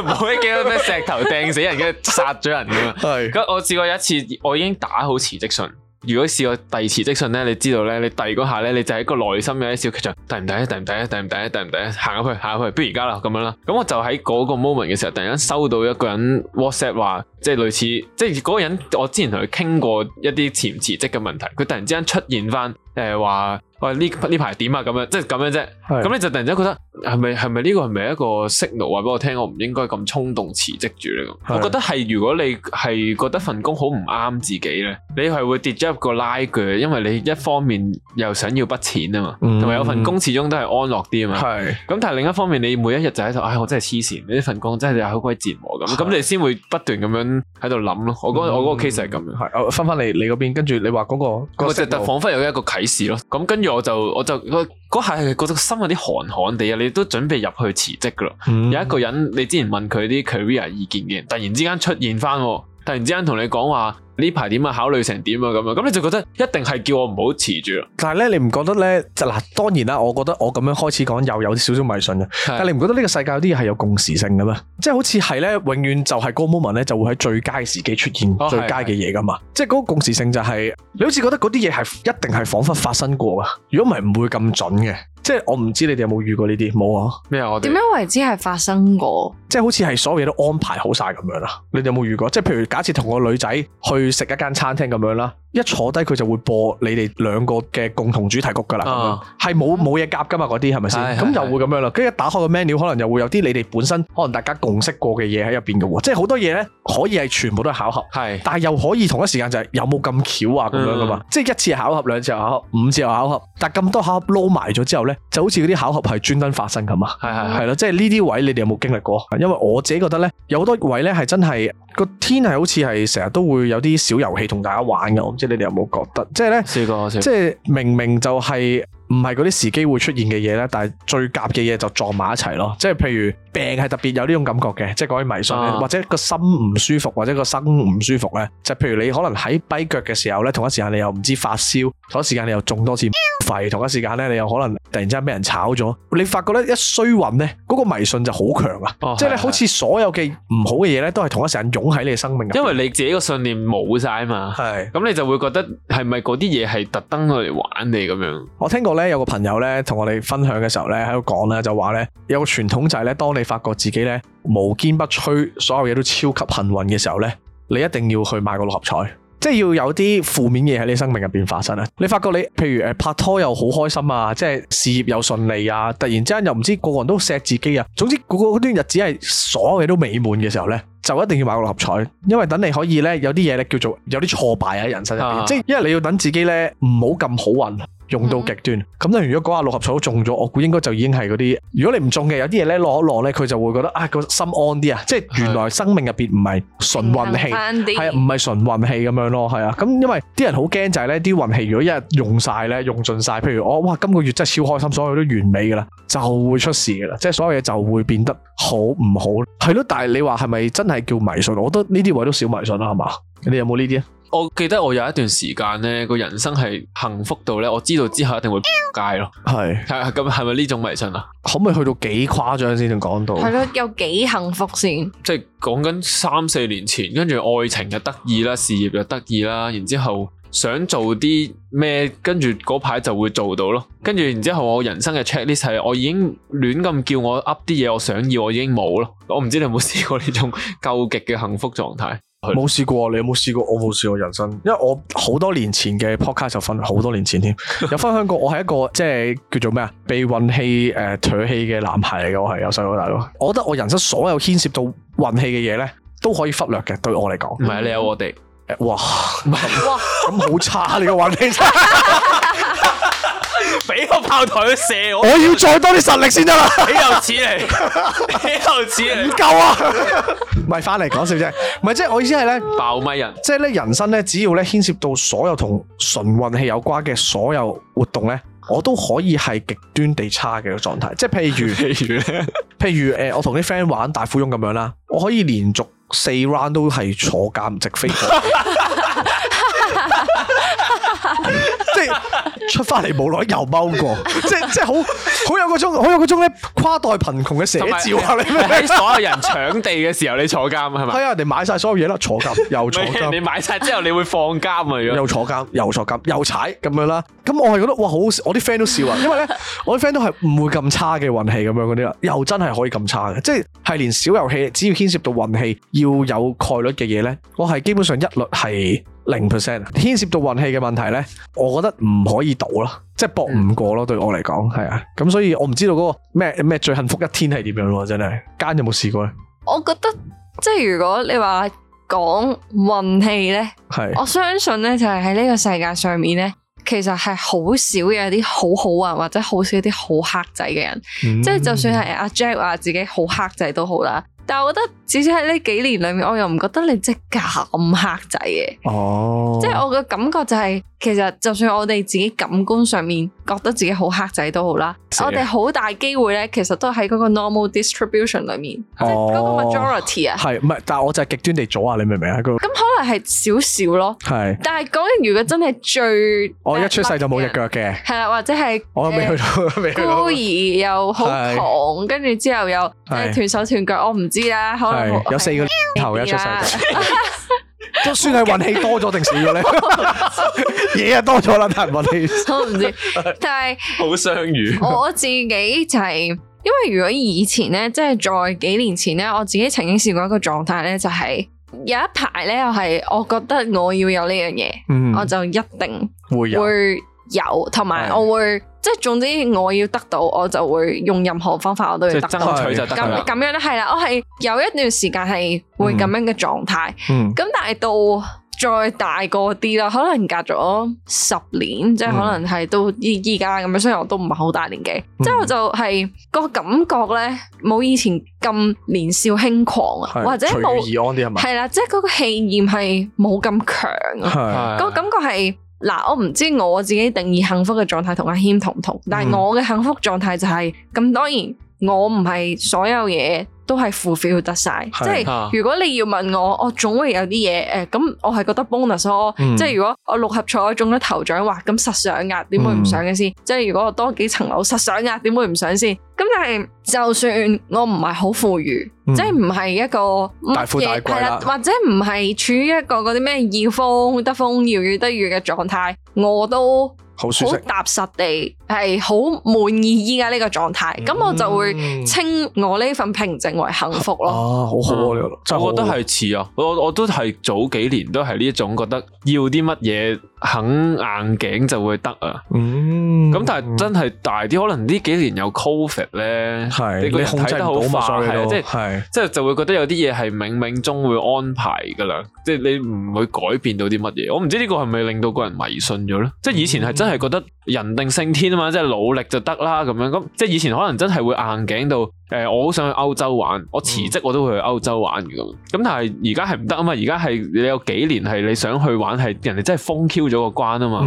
Speaker 3: 唔 可以驚到咩石頭掟死人，跟住殺咗人噶嘛？係是。咁 我試過有一次，我已經打好辭職信。如果試過遞辭職信咧，你知道咧，你遞嗰下咧，你就係一個內心嘅小劇場，遞唔遞啊？遞唔遞啊？遞唔遞啊？遞唔遞啊？行入去，行入去，不如而家啦，咁樣啦。咁我就喺嗰個 moment 嘅時候，突然間收到一個人 WhatsApp 話，即係類似，即係嗰個人，我之前同佢傾過一啲辭唔辭職嘅問題，佢突然之間出現翻，誒、呃、話。喂，呢呢排點啊咁樣，即係咁樣啫。咁是你就突然之間覺得係咪係咪呢個係咪一個 signal 話俾我聽，我唔應該咁衝動辭職住呢個。是我覺得係如果你係覺得份工好唔啱自己咧，你係會跌咗入個拉鋸，因為你一方面又想要筆錢啊嘛，同埋有份工始終都係安樂啲啊嘛。係、嗯。咁是但係另一方面，你每一日就喺度，唉、哎，我真係黐線，呢份工真係好鬼折磨咁。咁是你先會不斷咁樣喺度諗咯。我嗰、那個嗯嗯、我嗰個 case 係咁樣，係、嗯。翻、嗯、翻、嗯嗯嗯、你你嗰邊，跟住你話嗰、那個，我覺得彷彿有一個啟示咯。咁跟住。我就我就嗰嗰下嗰種心有啲寒寒地啊！你都準備入去辭職噶啦，有一個人你之前問佢啲 career 意見嘅，突然之間出現返，突然之間同你講話。呢排點啊？考慮成點啊？咁啊？咁你就覺得一定係叫我唔好遲住。
Speaker 1: 但係咧，你唔覺得咧？就嗱，當然啦、啊，我覺得我咁樣開始講又有少少迷信嘅。的但係你唔覺得呢個世界有啲嘢係有共時性嘅咩？即、就、係、是、好似係咧，永遠就係個 moment 咧，就會喺最佳嘅時機出現最佳嘅嘢噶嘛。即係嗰個共時性就係、是，你好似覺得嗰啲嘢係一定係仿佛發生過啊，如果唔係，唔會咁準嘅。即係我唔知你哋有冇遇過呢啲，冇啊？咩啊？點樣為之係發生過？即係好似係所有嘢都安排好晒咁樣啊？你哋有冇遇過？即係譬如假設同個女仔去食一間餐廳咁樣啦，一坐低佢就會播你哋兩個嘅共同主題曲㗎啦，係冇冇嘢夾㗎嘛？嗰啲係咪先？咁就會咁樣啦。跟住一打開個 menu，可能又會有啲你哋本身可能大家共識過嘅嘢喺入邊嘅喎。即係好多嘢咧，可以係全部都係巧合，係、嗯，但係又可以同一時間就係有冇咁巧啊咁樣㗎嘛？嗯嗯、即係一次係巧合，兩次又巧合，五次又巧合，但係咁多巧合撈埋咗之後咧。就好似嗰啲巧合係專登發生咁啊，係係係啦，即係呢啲位你哋有冇經歷過？因為我自己覺得咧，有好多位咧，係真係個天係好似係成日都會有啲小遊戲同大家玩嘅，我唔知你哋有冇覺得？即係咧，試過，我試過即係明明就係唔係嗰啲時機會出現嘅嘢咧，但係最夾嘅嘢就撞埋一齊咯，即係譬如。病係特別有呢種感覺嘅，即係講起迷信，啊、或者個心唔舒服，或者個心唔舒服咧，就譬如你可能喺跛腳嘅時候咧，同一時間你又唔知發燒，同一時間你又中多次肺，同一時間咧你又可能突然之間俾人炒咗，你發覺咧一衰運咧，嗰、嗰個迷信就好強啊，即係咧好似所有嘅唔好嘅嘢咧，
Speaker 3: 都係同一時間湧喺你嘅生命。因為你自己個信念冇晒嘛，係的，咁你就會覺得係咪嗰啲嘢係特登嚟玩你咁樣？我
Speaker 1: 聽過咧有個朋友咧同我哋分享嘅時候咧喺度講咧就話咧有個傳統就係咧當你。發覺自己咧無堅不摧，所有嘢都超級幸運嘅時候咧，你一定要去買個六合彩，即係要有啲負面嘢喺你生命入邊發生啊！你發覺你譬如誒拍拖又好開心啊，即係事業又順利啊，突然之間又唔知個個人都錫自己啊，總之嗰嗰段日子係所有嘢都美滿嘅時候咧，就一定要買個六合彩，因為等你可以咧有啲嘢咧叫做有啲挫敗喺人生入邊，啊、即係因為你要等自己咧唔好咁好運。用到極端，咁咧如果講下六合彩中咗，我估應該就已經係嗰啲。如果你唔中嘅，有啲嘢咧落一落咧，佢就會覺得啊個心安啲啊，即係原來生命入邊唔係純運氣，係啊唔係純運氣咁樣咯，係啊。咁因為啲人好驚就係咧啲運氣，運氣如果一日用晒咧，用盡晒，譬如我哇今個月真係超開心，所有嘢都完美噶啦，就會出事噶啦，即係所有嘢就會變得好唔好，係咯、啊。但係你話係咪真係叫迷信？我覺得呢啲位都少迷信啦，係嘛？你有冇呢啲啊？
Speaker 3: 我記得我有一段時間呢個人生係幸福到呢，我知道之後一定會撲街咯。係係咁，係咪呢種迷信啊？可唔可以去到幾誇張先？先講到係
Speaker 2: 咯，有幾幸福先？
Speaker 3: 即係講緊三四年前，跟住愛情就得意啦，事業就得意啦，然之後想做啲咩，跟住嗰排就會做到咯。跟住然之後，我人生嘅 checklist 係我已經亂咁叫我噏啲嘢，我想要我已經冇咯。我唔知你有冇試過呢種究極嘅幸福狀態。
Speaker 1: 冇試過，你有冇試過？我冇試過人生，因為我好多年前嘅 Podcast 就分，好多年前添， 有分享過。我係一個即係叫做咩啊？被運氣誒唾、呃、氣嘅男孩嚟嘅，我係有細佬大佬。 我覺得我人生所有牽涉到運氣嘅嘢咧，都可以忽略嘅。對我嚟講，唔係你有我哋、呃，哇！唔係哇，咁好 差你個運氣差。
Speaker 3: 俾個炮台去射我，我要再多啲實力先得啦。豈有此理，豈有此理，唔夠啊！
Speaker 1: 唔係翻嚟講笑啫，唔係即係我意思係咧，爆米人，即係咧人生咧，只要咧牽涉到所有同純運氣有關嘅所有活動咧，我都可以係極端地差嘅一個狀態。即係譬如，譬 如咧，譬如誒，我同啲 friend 玩大富翁咁樣啦，我可以連續四 round 都係坐監唔直飛。 即係出翻嚟冇耐又踎過，即係即係好好有嗰種好有嗰種咧跨代貧窮嘅寫照有啊！你所有
Speaker 3: 人搶地嘅時候，你坐監係咪？係啊，
Speaker 1: 人哋買晒所有嘢啦，坐監
Speaker 3: 又坐監。你買晒之後，你會放監啊？如又坐
Speaker 1: 監又坐監又踩咁樣啦，咁我係覺得哇好，我啲 friend 都笑啊，因為咧我啲 friend 都係唔會咁差嘅運氣咁樣嗰啲啦，又真係可以咁差嘅，即係係連小遊戲只要牽涉到運氣要有概率嘅嘢咧，我係基本上一律係。零 percent 牽涉到運氣嘅問題咧，我覺得唔可以賭咯，即係搏唔過咯。嗯、對我嚟講，係啊。咁所以我唔知道嗰個咩咩最幸福一天係點樣喎？真係，間有冇試過咧？我覺
Speaker 2: 得即係如果你話講運氣咧，係是我相信咧，就係喺呢個世界上面咧，其實係好少有啲好好運或者好少一啲好黑仔嘅人，嗯、即係就算係阿 Jack 話、啊、自己好黑仔都好啦。但係，我覺得至少喺呢幾年裏面，我又唔覺得你這麼、oh. 即係咁黑仔嘅，
Speaker 1: 即係我
Speaker 2: 嘅感覺就係、是。其實就算我哋自己感官上面覺得自己好黑仔都好啦，我哋好大機會咧，其實都喺嗰個 normal distribution 裏面，
Speaker 3: 即係嗰個
Speaker 2: majority 啊。
Speaker 1: 係唔係？但係我就係極端地組啊！你明唔明啊？咁
Speaker 2: 可能係少少咯。係。但係講，如果真係最，
Speaker 1: 我一出世就冇隻腳嘅。
Speaker 2: 係啦，或者係我未去到孤兒，又好窮，跟住之後又斷手斷腳，我唔知啦。可能
Speaker 1: 有四個頭一出世。就算係運氣多咗定死咗
Speaker 2: 咧，
Speaker 1: 嘢又多咗啦，但係運氣，我唔知。但係好相遇，我
Speaker 2: 自己就係、是、因為如果以前咧，即係在幾年前咧，我自己曾經試過一個狀態咧，就係、是、有一排咧，我係我覺得我要有呢樣嘢，嗯、我就一定會有。有，同埋我會，即係總之我要得到，我就會用任何方法，我都要得到。就得咁咁樣咧，係啦，我係有一段時間係會咁樣嘅狀態。嗯。咁但係到再大個啲啦，可能隔咗十年，即係可能係到依依家咁樣。雖然我都唔係好大年紀，即係我就係個感覺咧，冇以前咁年少輕狂啊，或者冇。隨遇而安啲係咪？係啦，即係嗰個氣焰係冇咁強啊，個感覺係。嗱，我唔知道我自己定義幸福嘅狀態同阿 Him 同唔同，但係我嘅幸福狀態就係、是、咁，那當然我唔係所有嘢。都係 f u l 得晒，啊、即係如果你要問我，我總會有啲嘢，誒、呃、咁我係覺得 bonus 咯、嗯，即係如果我六合彩中咗頭獎話，咁實想壓，點會唔想嘅先？嗯、即係如果我多幾層樓實想壓，點會唔想先？咁但係就算我唔係好富裕，嗯、即係唔係一個、嗯、麼大富大貴啦，或者唔係處於一個嗰啲咩要風得風，要雨得雨嘅狀態，我都。好舒服，好踏實地係好滿意而家呢個狀態，咁、嗯、我就會稱我呢份平靜為幸福咯。
Speaker 1: 啊，好好啊呢
Speaker 2: 個，
Speaker 3: 就、嗯啊、覺得係似啊，我我都係早幾年都係呢一種覺得要啲乜嘢。肯硬頸就會得啊，咁，嗯，但係真係大啲，可能呢幾年有 Covid 咧，你，你控制得好快啊，即係即係就會覺得有啲嘢係冥冥中會安排噶啦，即係你唔會改變到啲乜嘢。我唔知呢個係咪令到個人迷信咗咧？嗯，即係以前係真係覺得人定勝天啊嘛，即係努力就得啦咁樣咁，即係以前可能真係會硬頸到。誒，我好想去歐洲玩，我辭職我都會去歐洲玩咁。咁但係而家係唔得啊嘛，而家係你有幾年係你想去玩，係人哋真係封 Q 咗個關啊嘛。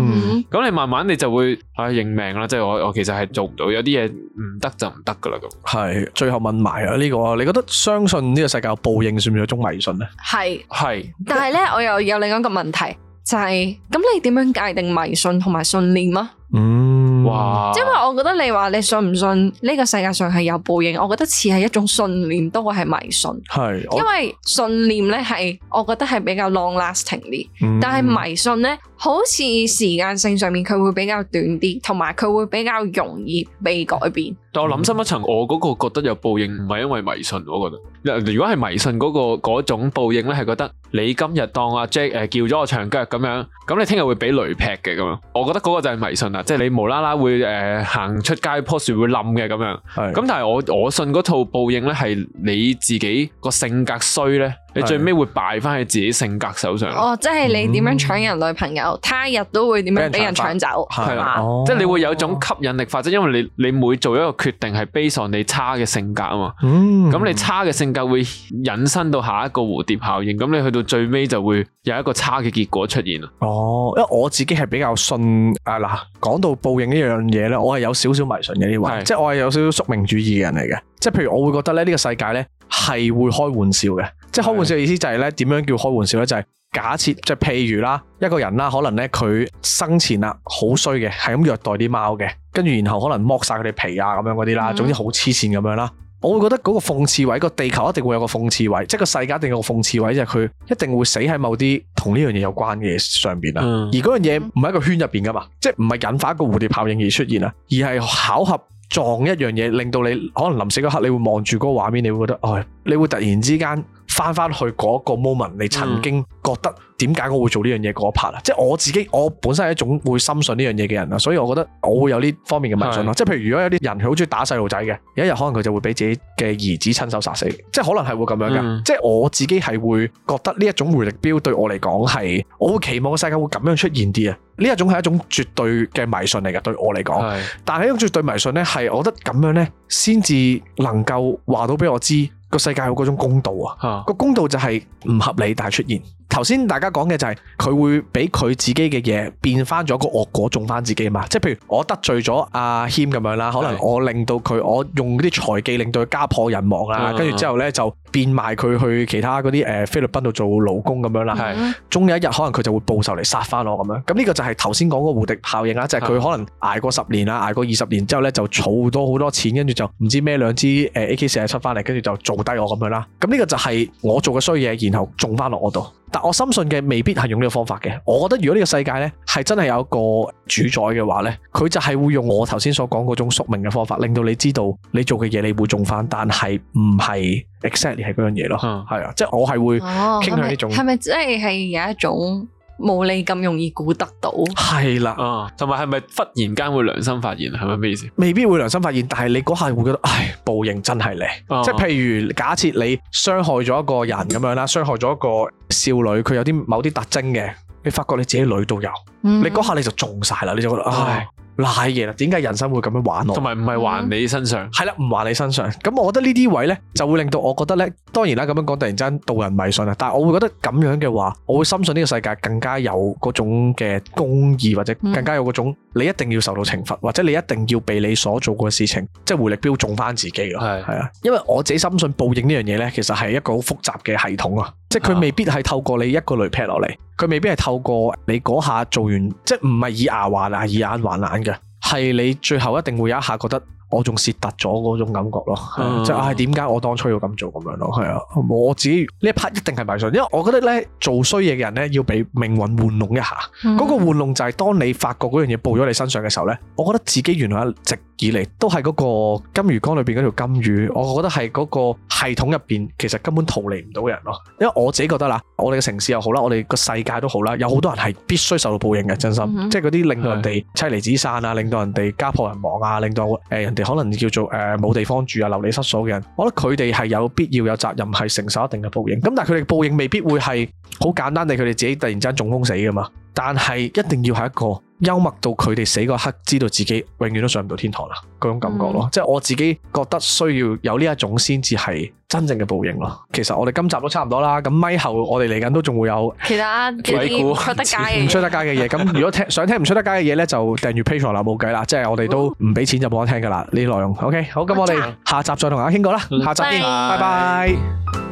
Speaker 3: 咁，嗯、你慢慢你就會啊認命啦，即，就，係，是，我我其實係做唔到，有啲嘢唔得就唔得噶啦咁。
Speaker 1: 係，最後問埋啊呢個啊，你覺得相信呢個世界有報應算唔算一種迷信咧？係係是，
Speaker 2: 是但係咧我又有另一個問題就係，是，咁你點樣界定迷信同埋信念嗎？嗯。
Speaker 1: 哇！因為
Speaker 2: 我覺得你話你信唔信呢個世界上係有報應，我覺得似係一種信念多過係迷信。
Speaker 1: 係，因為
Speaker 2: 信念咧係我覺得係比較 long-lasting 啲，但係迷信咧好似時間性上面佢會比較短啲，同埋佢會比較容易被改變。
Speaker 3: 但我諗深一層，我嗰個覺得有報應唔係因為迷信，我覺得。嗱如果係迷信嗰個嗰種報應咧，係覺得你今日當阿 Jack 誒叫咗我長腳咁樣，咁你聽日會俾雷劈嘅咁樣！我覺得嗰個就係迷信啦，即係你無啦啦。會誒行、呃、出街，棵樹會冧嘅咁樣。咁是的 但係我我信嗰套報應咧，係你自己個性格衰咧。你最尾會敗翻喺自己性格手上
Speaker 2: 哦，oh, 即係你點樣搶人女朋友，嗯、他日都會點樣俾人搶走係嘛？即係你
Speaker 3: 會有一種吸引力法則，因為你你每做一個決定係悲 a 你差嘅性格啊嘛。嗯。咁你差嘅性格會引申到下一個蝴蝶效應，咁你去到最尾就會有一個差嘅結果出現哦，
Speaker 1: 因為我自己係比較信啊嗱。講到報應呢樣嘢咧，我係有少少迷信嘅呢位，即係我係有少少宿命主義嘅人嚟嘅。即係譬如我會覺得咧，呢個世界咧係會開玩笑嘅。即係開玩笑嘅意思就係咧，點樣叫開玩笑咧？就係、是、假設，即、就、係、是、譬如啦，一個人啦，可能咧佢生前啊好衰嘅，係咁虐待啲貓嘅，跟住然後可能剝晒佢哋皮啊咁樣嗰啲啦，嗯、總之好黐線咁樣啦。我會覺得嗰個諷刺位，個地球一定會有個諷刺位，即係個世界一定有一個諷刺位，就係、是、佢一定會死喺某啲同呢樣嘢有關嘅上邊啊。嗯、而嗰樣嘢唔係一個圈入邊噶嘛，嗯、即係唔係引發一個蝴蝶效應而出現啊，而係巧合撞一樣嘢，令到你可能臨死嗰刻你會望住嗰個畫面，你會覺得，唉，你會突然之間。翻翻去嗰一個 moment，你曾經覺得點解我會做呢樣嘢嗰一 part 啊？嗯、即係我自己，我本身係一種會深信呢樣嘢嘅人啦，所以我覺得我會有呢方面嘅迷信咯。即係是的 譬如，如果有啲人佢好中意打細路仔嘅，有一日可能佢就會俾自己嘅兒子親手殺死，即係可能係會咁樣噶。嗯、即係我自己係會覺得呢一種回力鏢對我嚟講係，我會期望個世界會咁樣出現啲啊。呢一種係一種絕對嘅迷信嚟嘅對我嚟講。是的 但係呢種絕對迷信呢，係我覺得咁樣呢先至能夠話到俾我知，個世界有嗰種公道啊，個哈 公道就係唔合理但係出現。頭先大家講嘅就係佢會俾佢自己嘅嘢變翻咗個惡果，種翻自己嘛。即係譬如我得罪咗阿 Him 咁樣啦，可能我令到佢，我用啲財技令到佢家破人亡啦，跟住，嗯、之後咧就變賣佢去其他嗰啲誒菲律賓度做勞工咁樣啦。係，嗯，終有一日可能佢就會報仇嚟殺翻我咁樣。咁呢個就係頭先講個蝴蝶效應啦，就係、是、佢可能挨過十年啊，挨是的過二十年之後咧就儲多好多錢，跟住就唔知咩兩支誒 A K 四十七翻嚟，跟住就做低我咁樣啦。咁呢個就係我做嘅衰嘢，然後種翻落我度。但我深信嘅未必係用呢個方法嘅，我覺得如果呢個世界咧係真係有一個主宰嘅話咧，佢就係會用我頭先所講嗰種宿命嘅方法，令到你知道你做嘅嘢你會中返，但係唔係 exactly 係嗰樣嘢咯，係啊、嗯，即係
Speaker 3: 我係會傾、哦、向呢種。係咪
Speaker 2: 即係係有一種？冇你咁容易估得到，
Speaker 3: 係啦了，同埋係咪忽然間會良心發現，係咪咩意思？未必會良心發現，但係
Speaker 1: 你嗰下會覺得，唉，報應真係嚟。哦、即係譬如假設你傷害咗一個人咁樣啦，傷、嗯、害咗一個少女，佢有啲某啲特徵嘅，你發覺你自己女都有，嗯嗯，你嗰下你就中晒啦，你就覺得，唉。嗯賴嘢啦，點解人生會咁樣玩我？同
Speaker 3: 埋唔係還你
Speaker 1: 身上，係啦，唔還你身上。咁我覺得呢啲位咧，就會令到我覺得咧，當然啦，咁樣講突然間導人迷信啊。但係我會覺得咁樣嘅話，我會深信呢個世界更加有嗰種嘅公義，或者更加有嗰種。你一定要受到懲罰，或者你一定要被你所做過嘅事情，即係回力鏢中翻自己咯。係，係啊，因為我自己深信報應呢樣嘢咧，其實係一個好複雜嘅系統啊。即係佢未必係透過你一個雷劈落嚟，佢未必係透過你嗰下做完，即係唔係以牙還牙，以眼還眼嘅，係你最後一定會有一下覺得。我仲蝕突咗嗰種感覺咯，即係點解我當初要咁做咁樣咯？係啊，我自己呢一 part 一定係迷信，因為我覺得咧做衰嘢嘅人咧要俾命運玩弄一下。嗰、嗯、個玩弄就係當你發覺嗰樣嘢報咗你身上嘅時候咧，我覺得自己原來一直以嚟都係嗰個金魚缸裏邊嗰條金魚。嗯、我覺得係嗰個系統入邊其實根本逃離唔到人咯。因為我自己覺得啦，我哋嘅城市又好啦，我哋個世界都好啦，有好多人係必須受到報應嘅，嗯、真心、嗯、即係嗰啲令到人哋妻離子散啊，令到、嗯、人哋家，家破人亡啊，令到誒人哋。可能叫做誒冇、呃、地方住啊，流離失所嘅人，我覺得佢哋係有必要有責任係承受一定嘅報應，咁但係佢哋報應未必會係好簡單地，佢哋自己突然之間中風死噶嘛。但係一定要係一個。幽默到佢哋死嗰刻，知道自己永遠都上唔到天堂啦，嗰種感覺咯，嗯、即係我自己覺得需要有呢一種先至係真正嘅報應咯。其實我哋今集都差唔多啦，咁咪後我哋嚟緊都仲會有
Speaker 2: 其他鬼故唔出得
Speaker 1: 街嘅嘢。咁如果聽想聽唔出得街嘅嘢咧，就訂閱 Patreon 啦，冇計啦，即係我哋都唔俾錢就冇得聽噶啦呢內容。OK，好，咁我哋下集再同大家傾過啦，下集見，拜拜。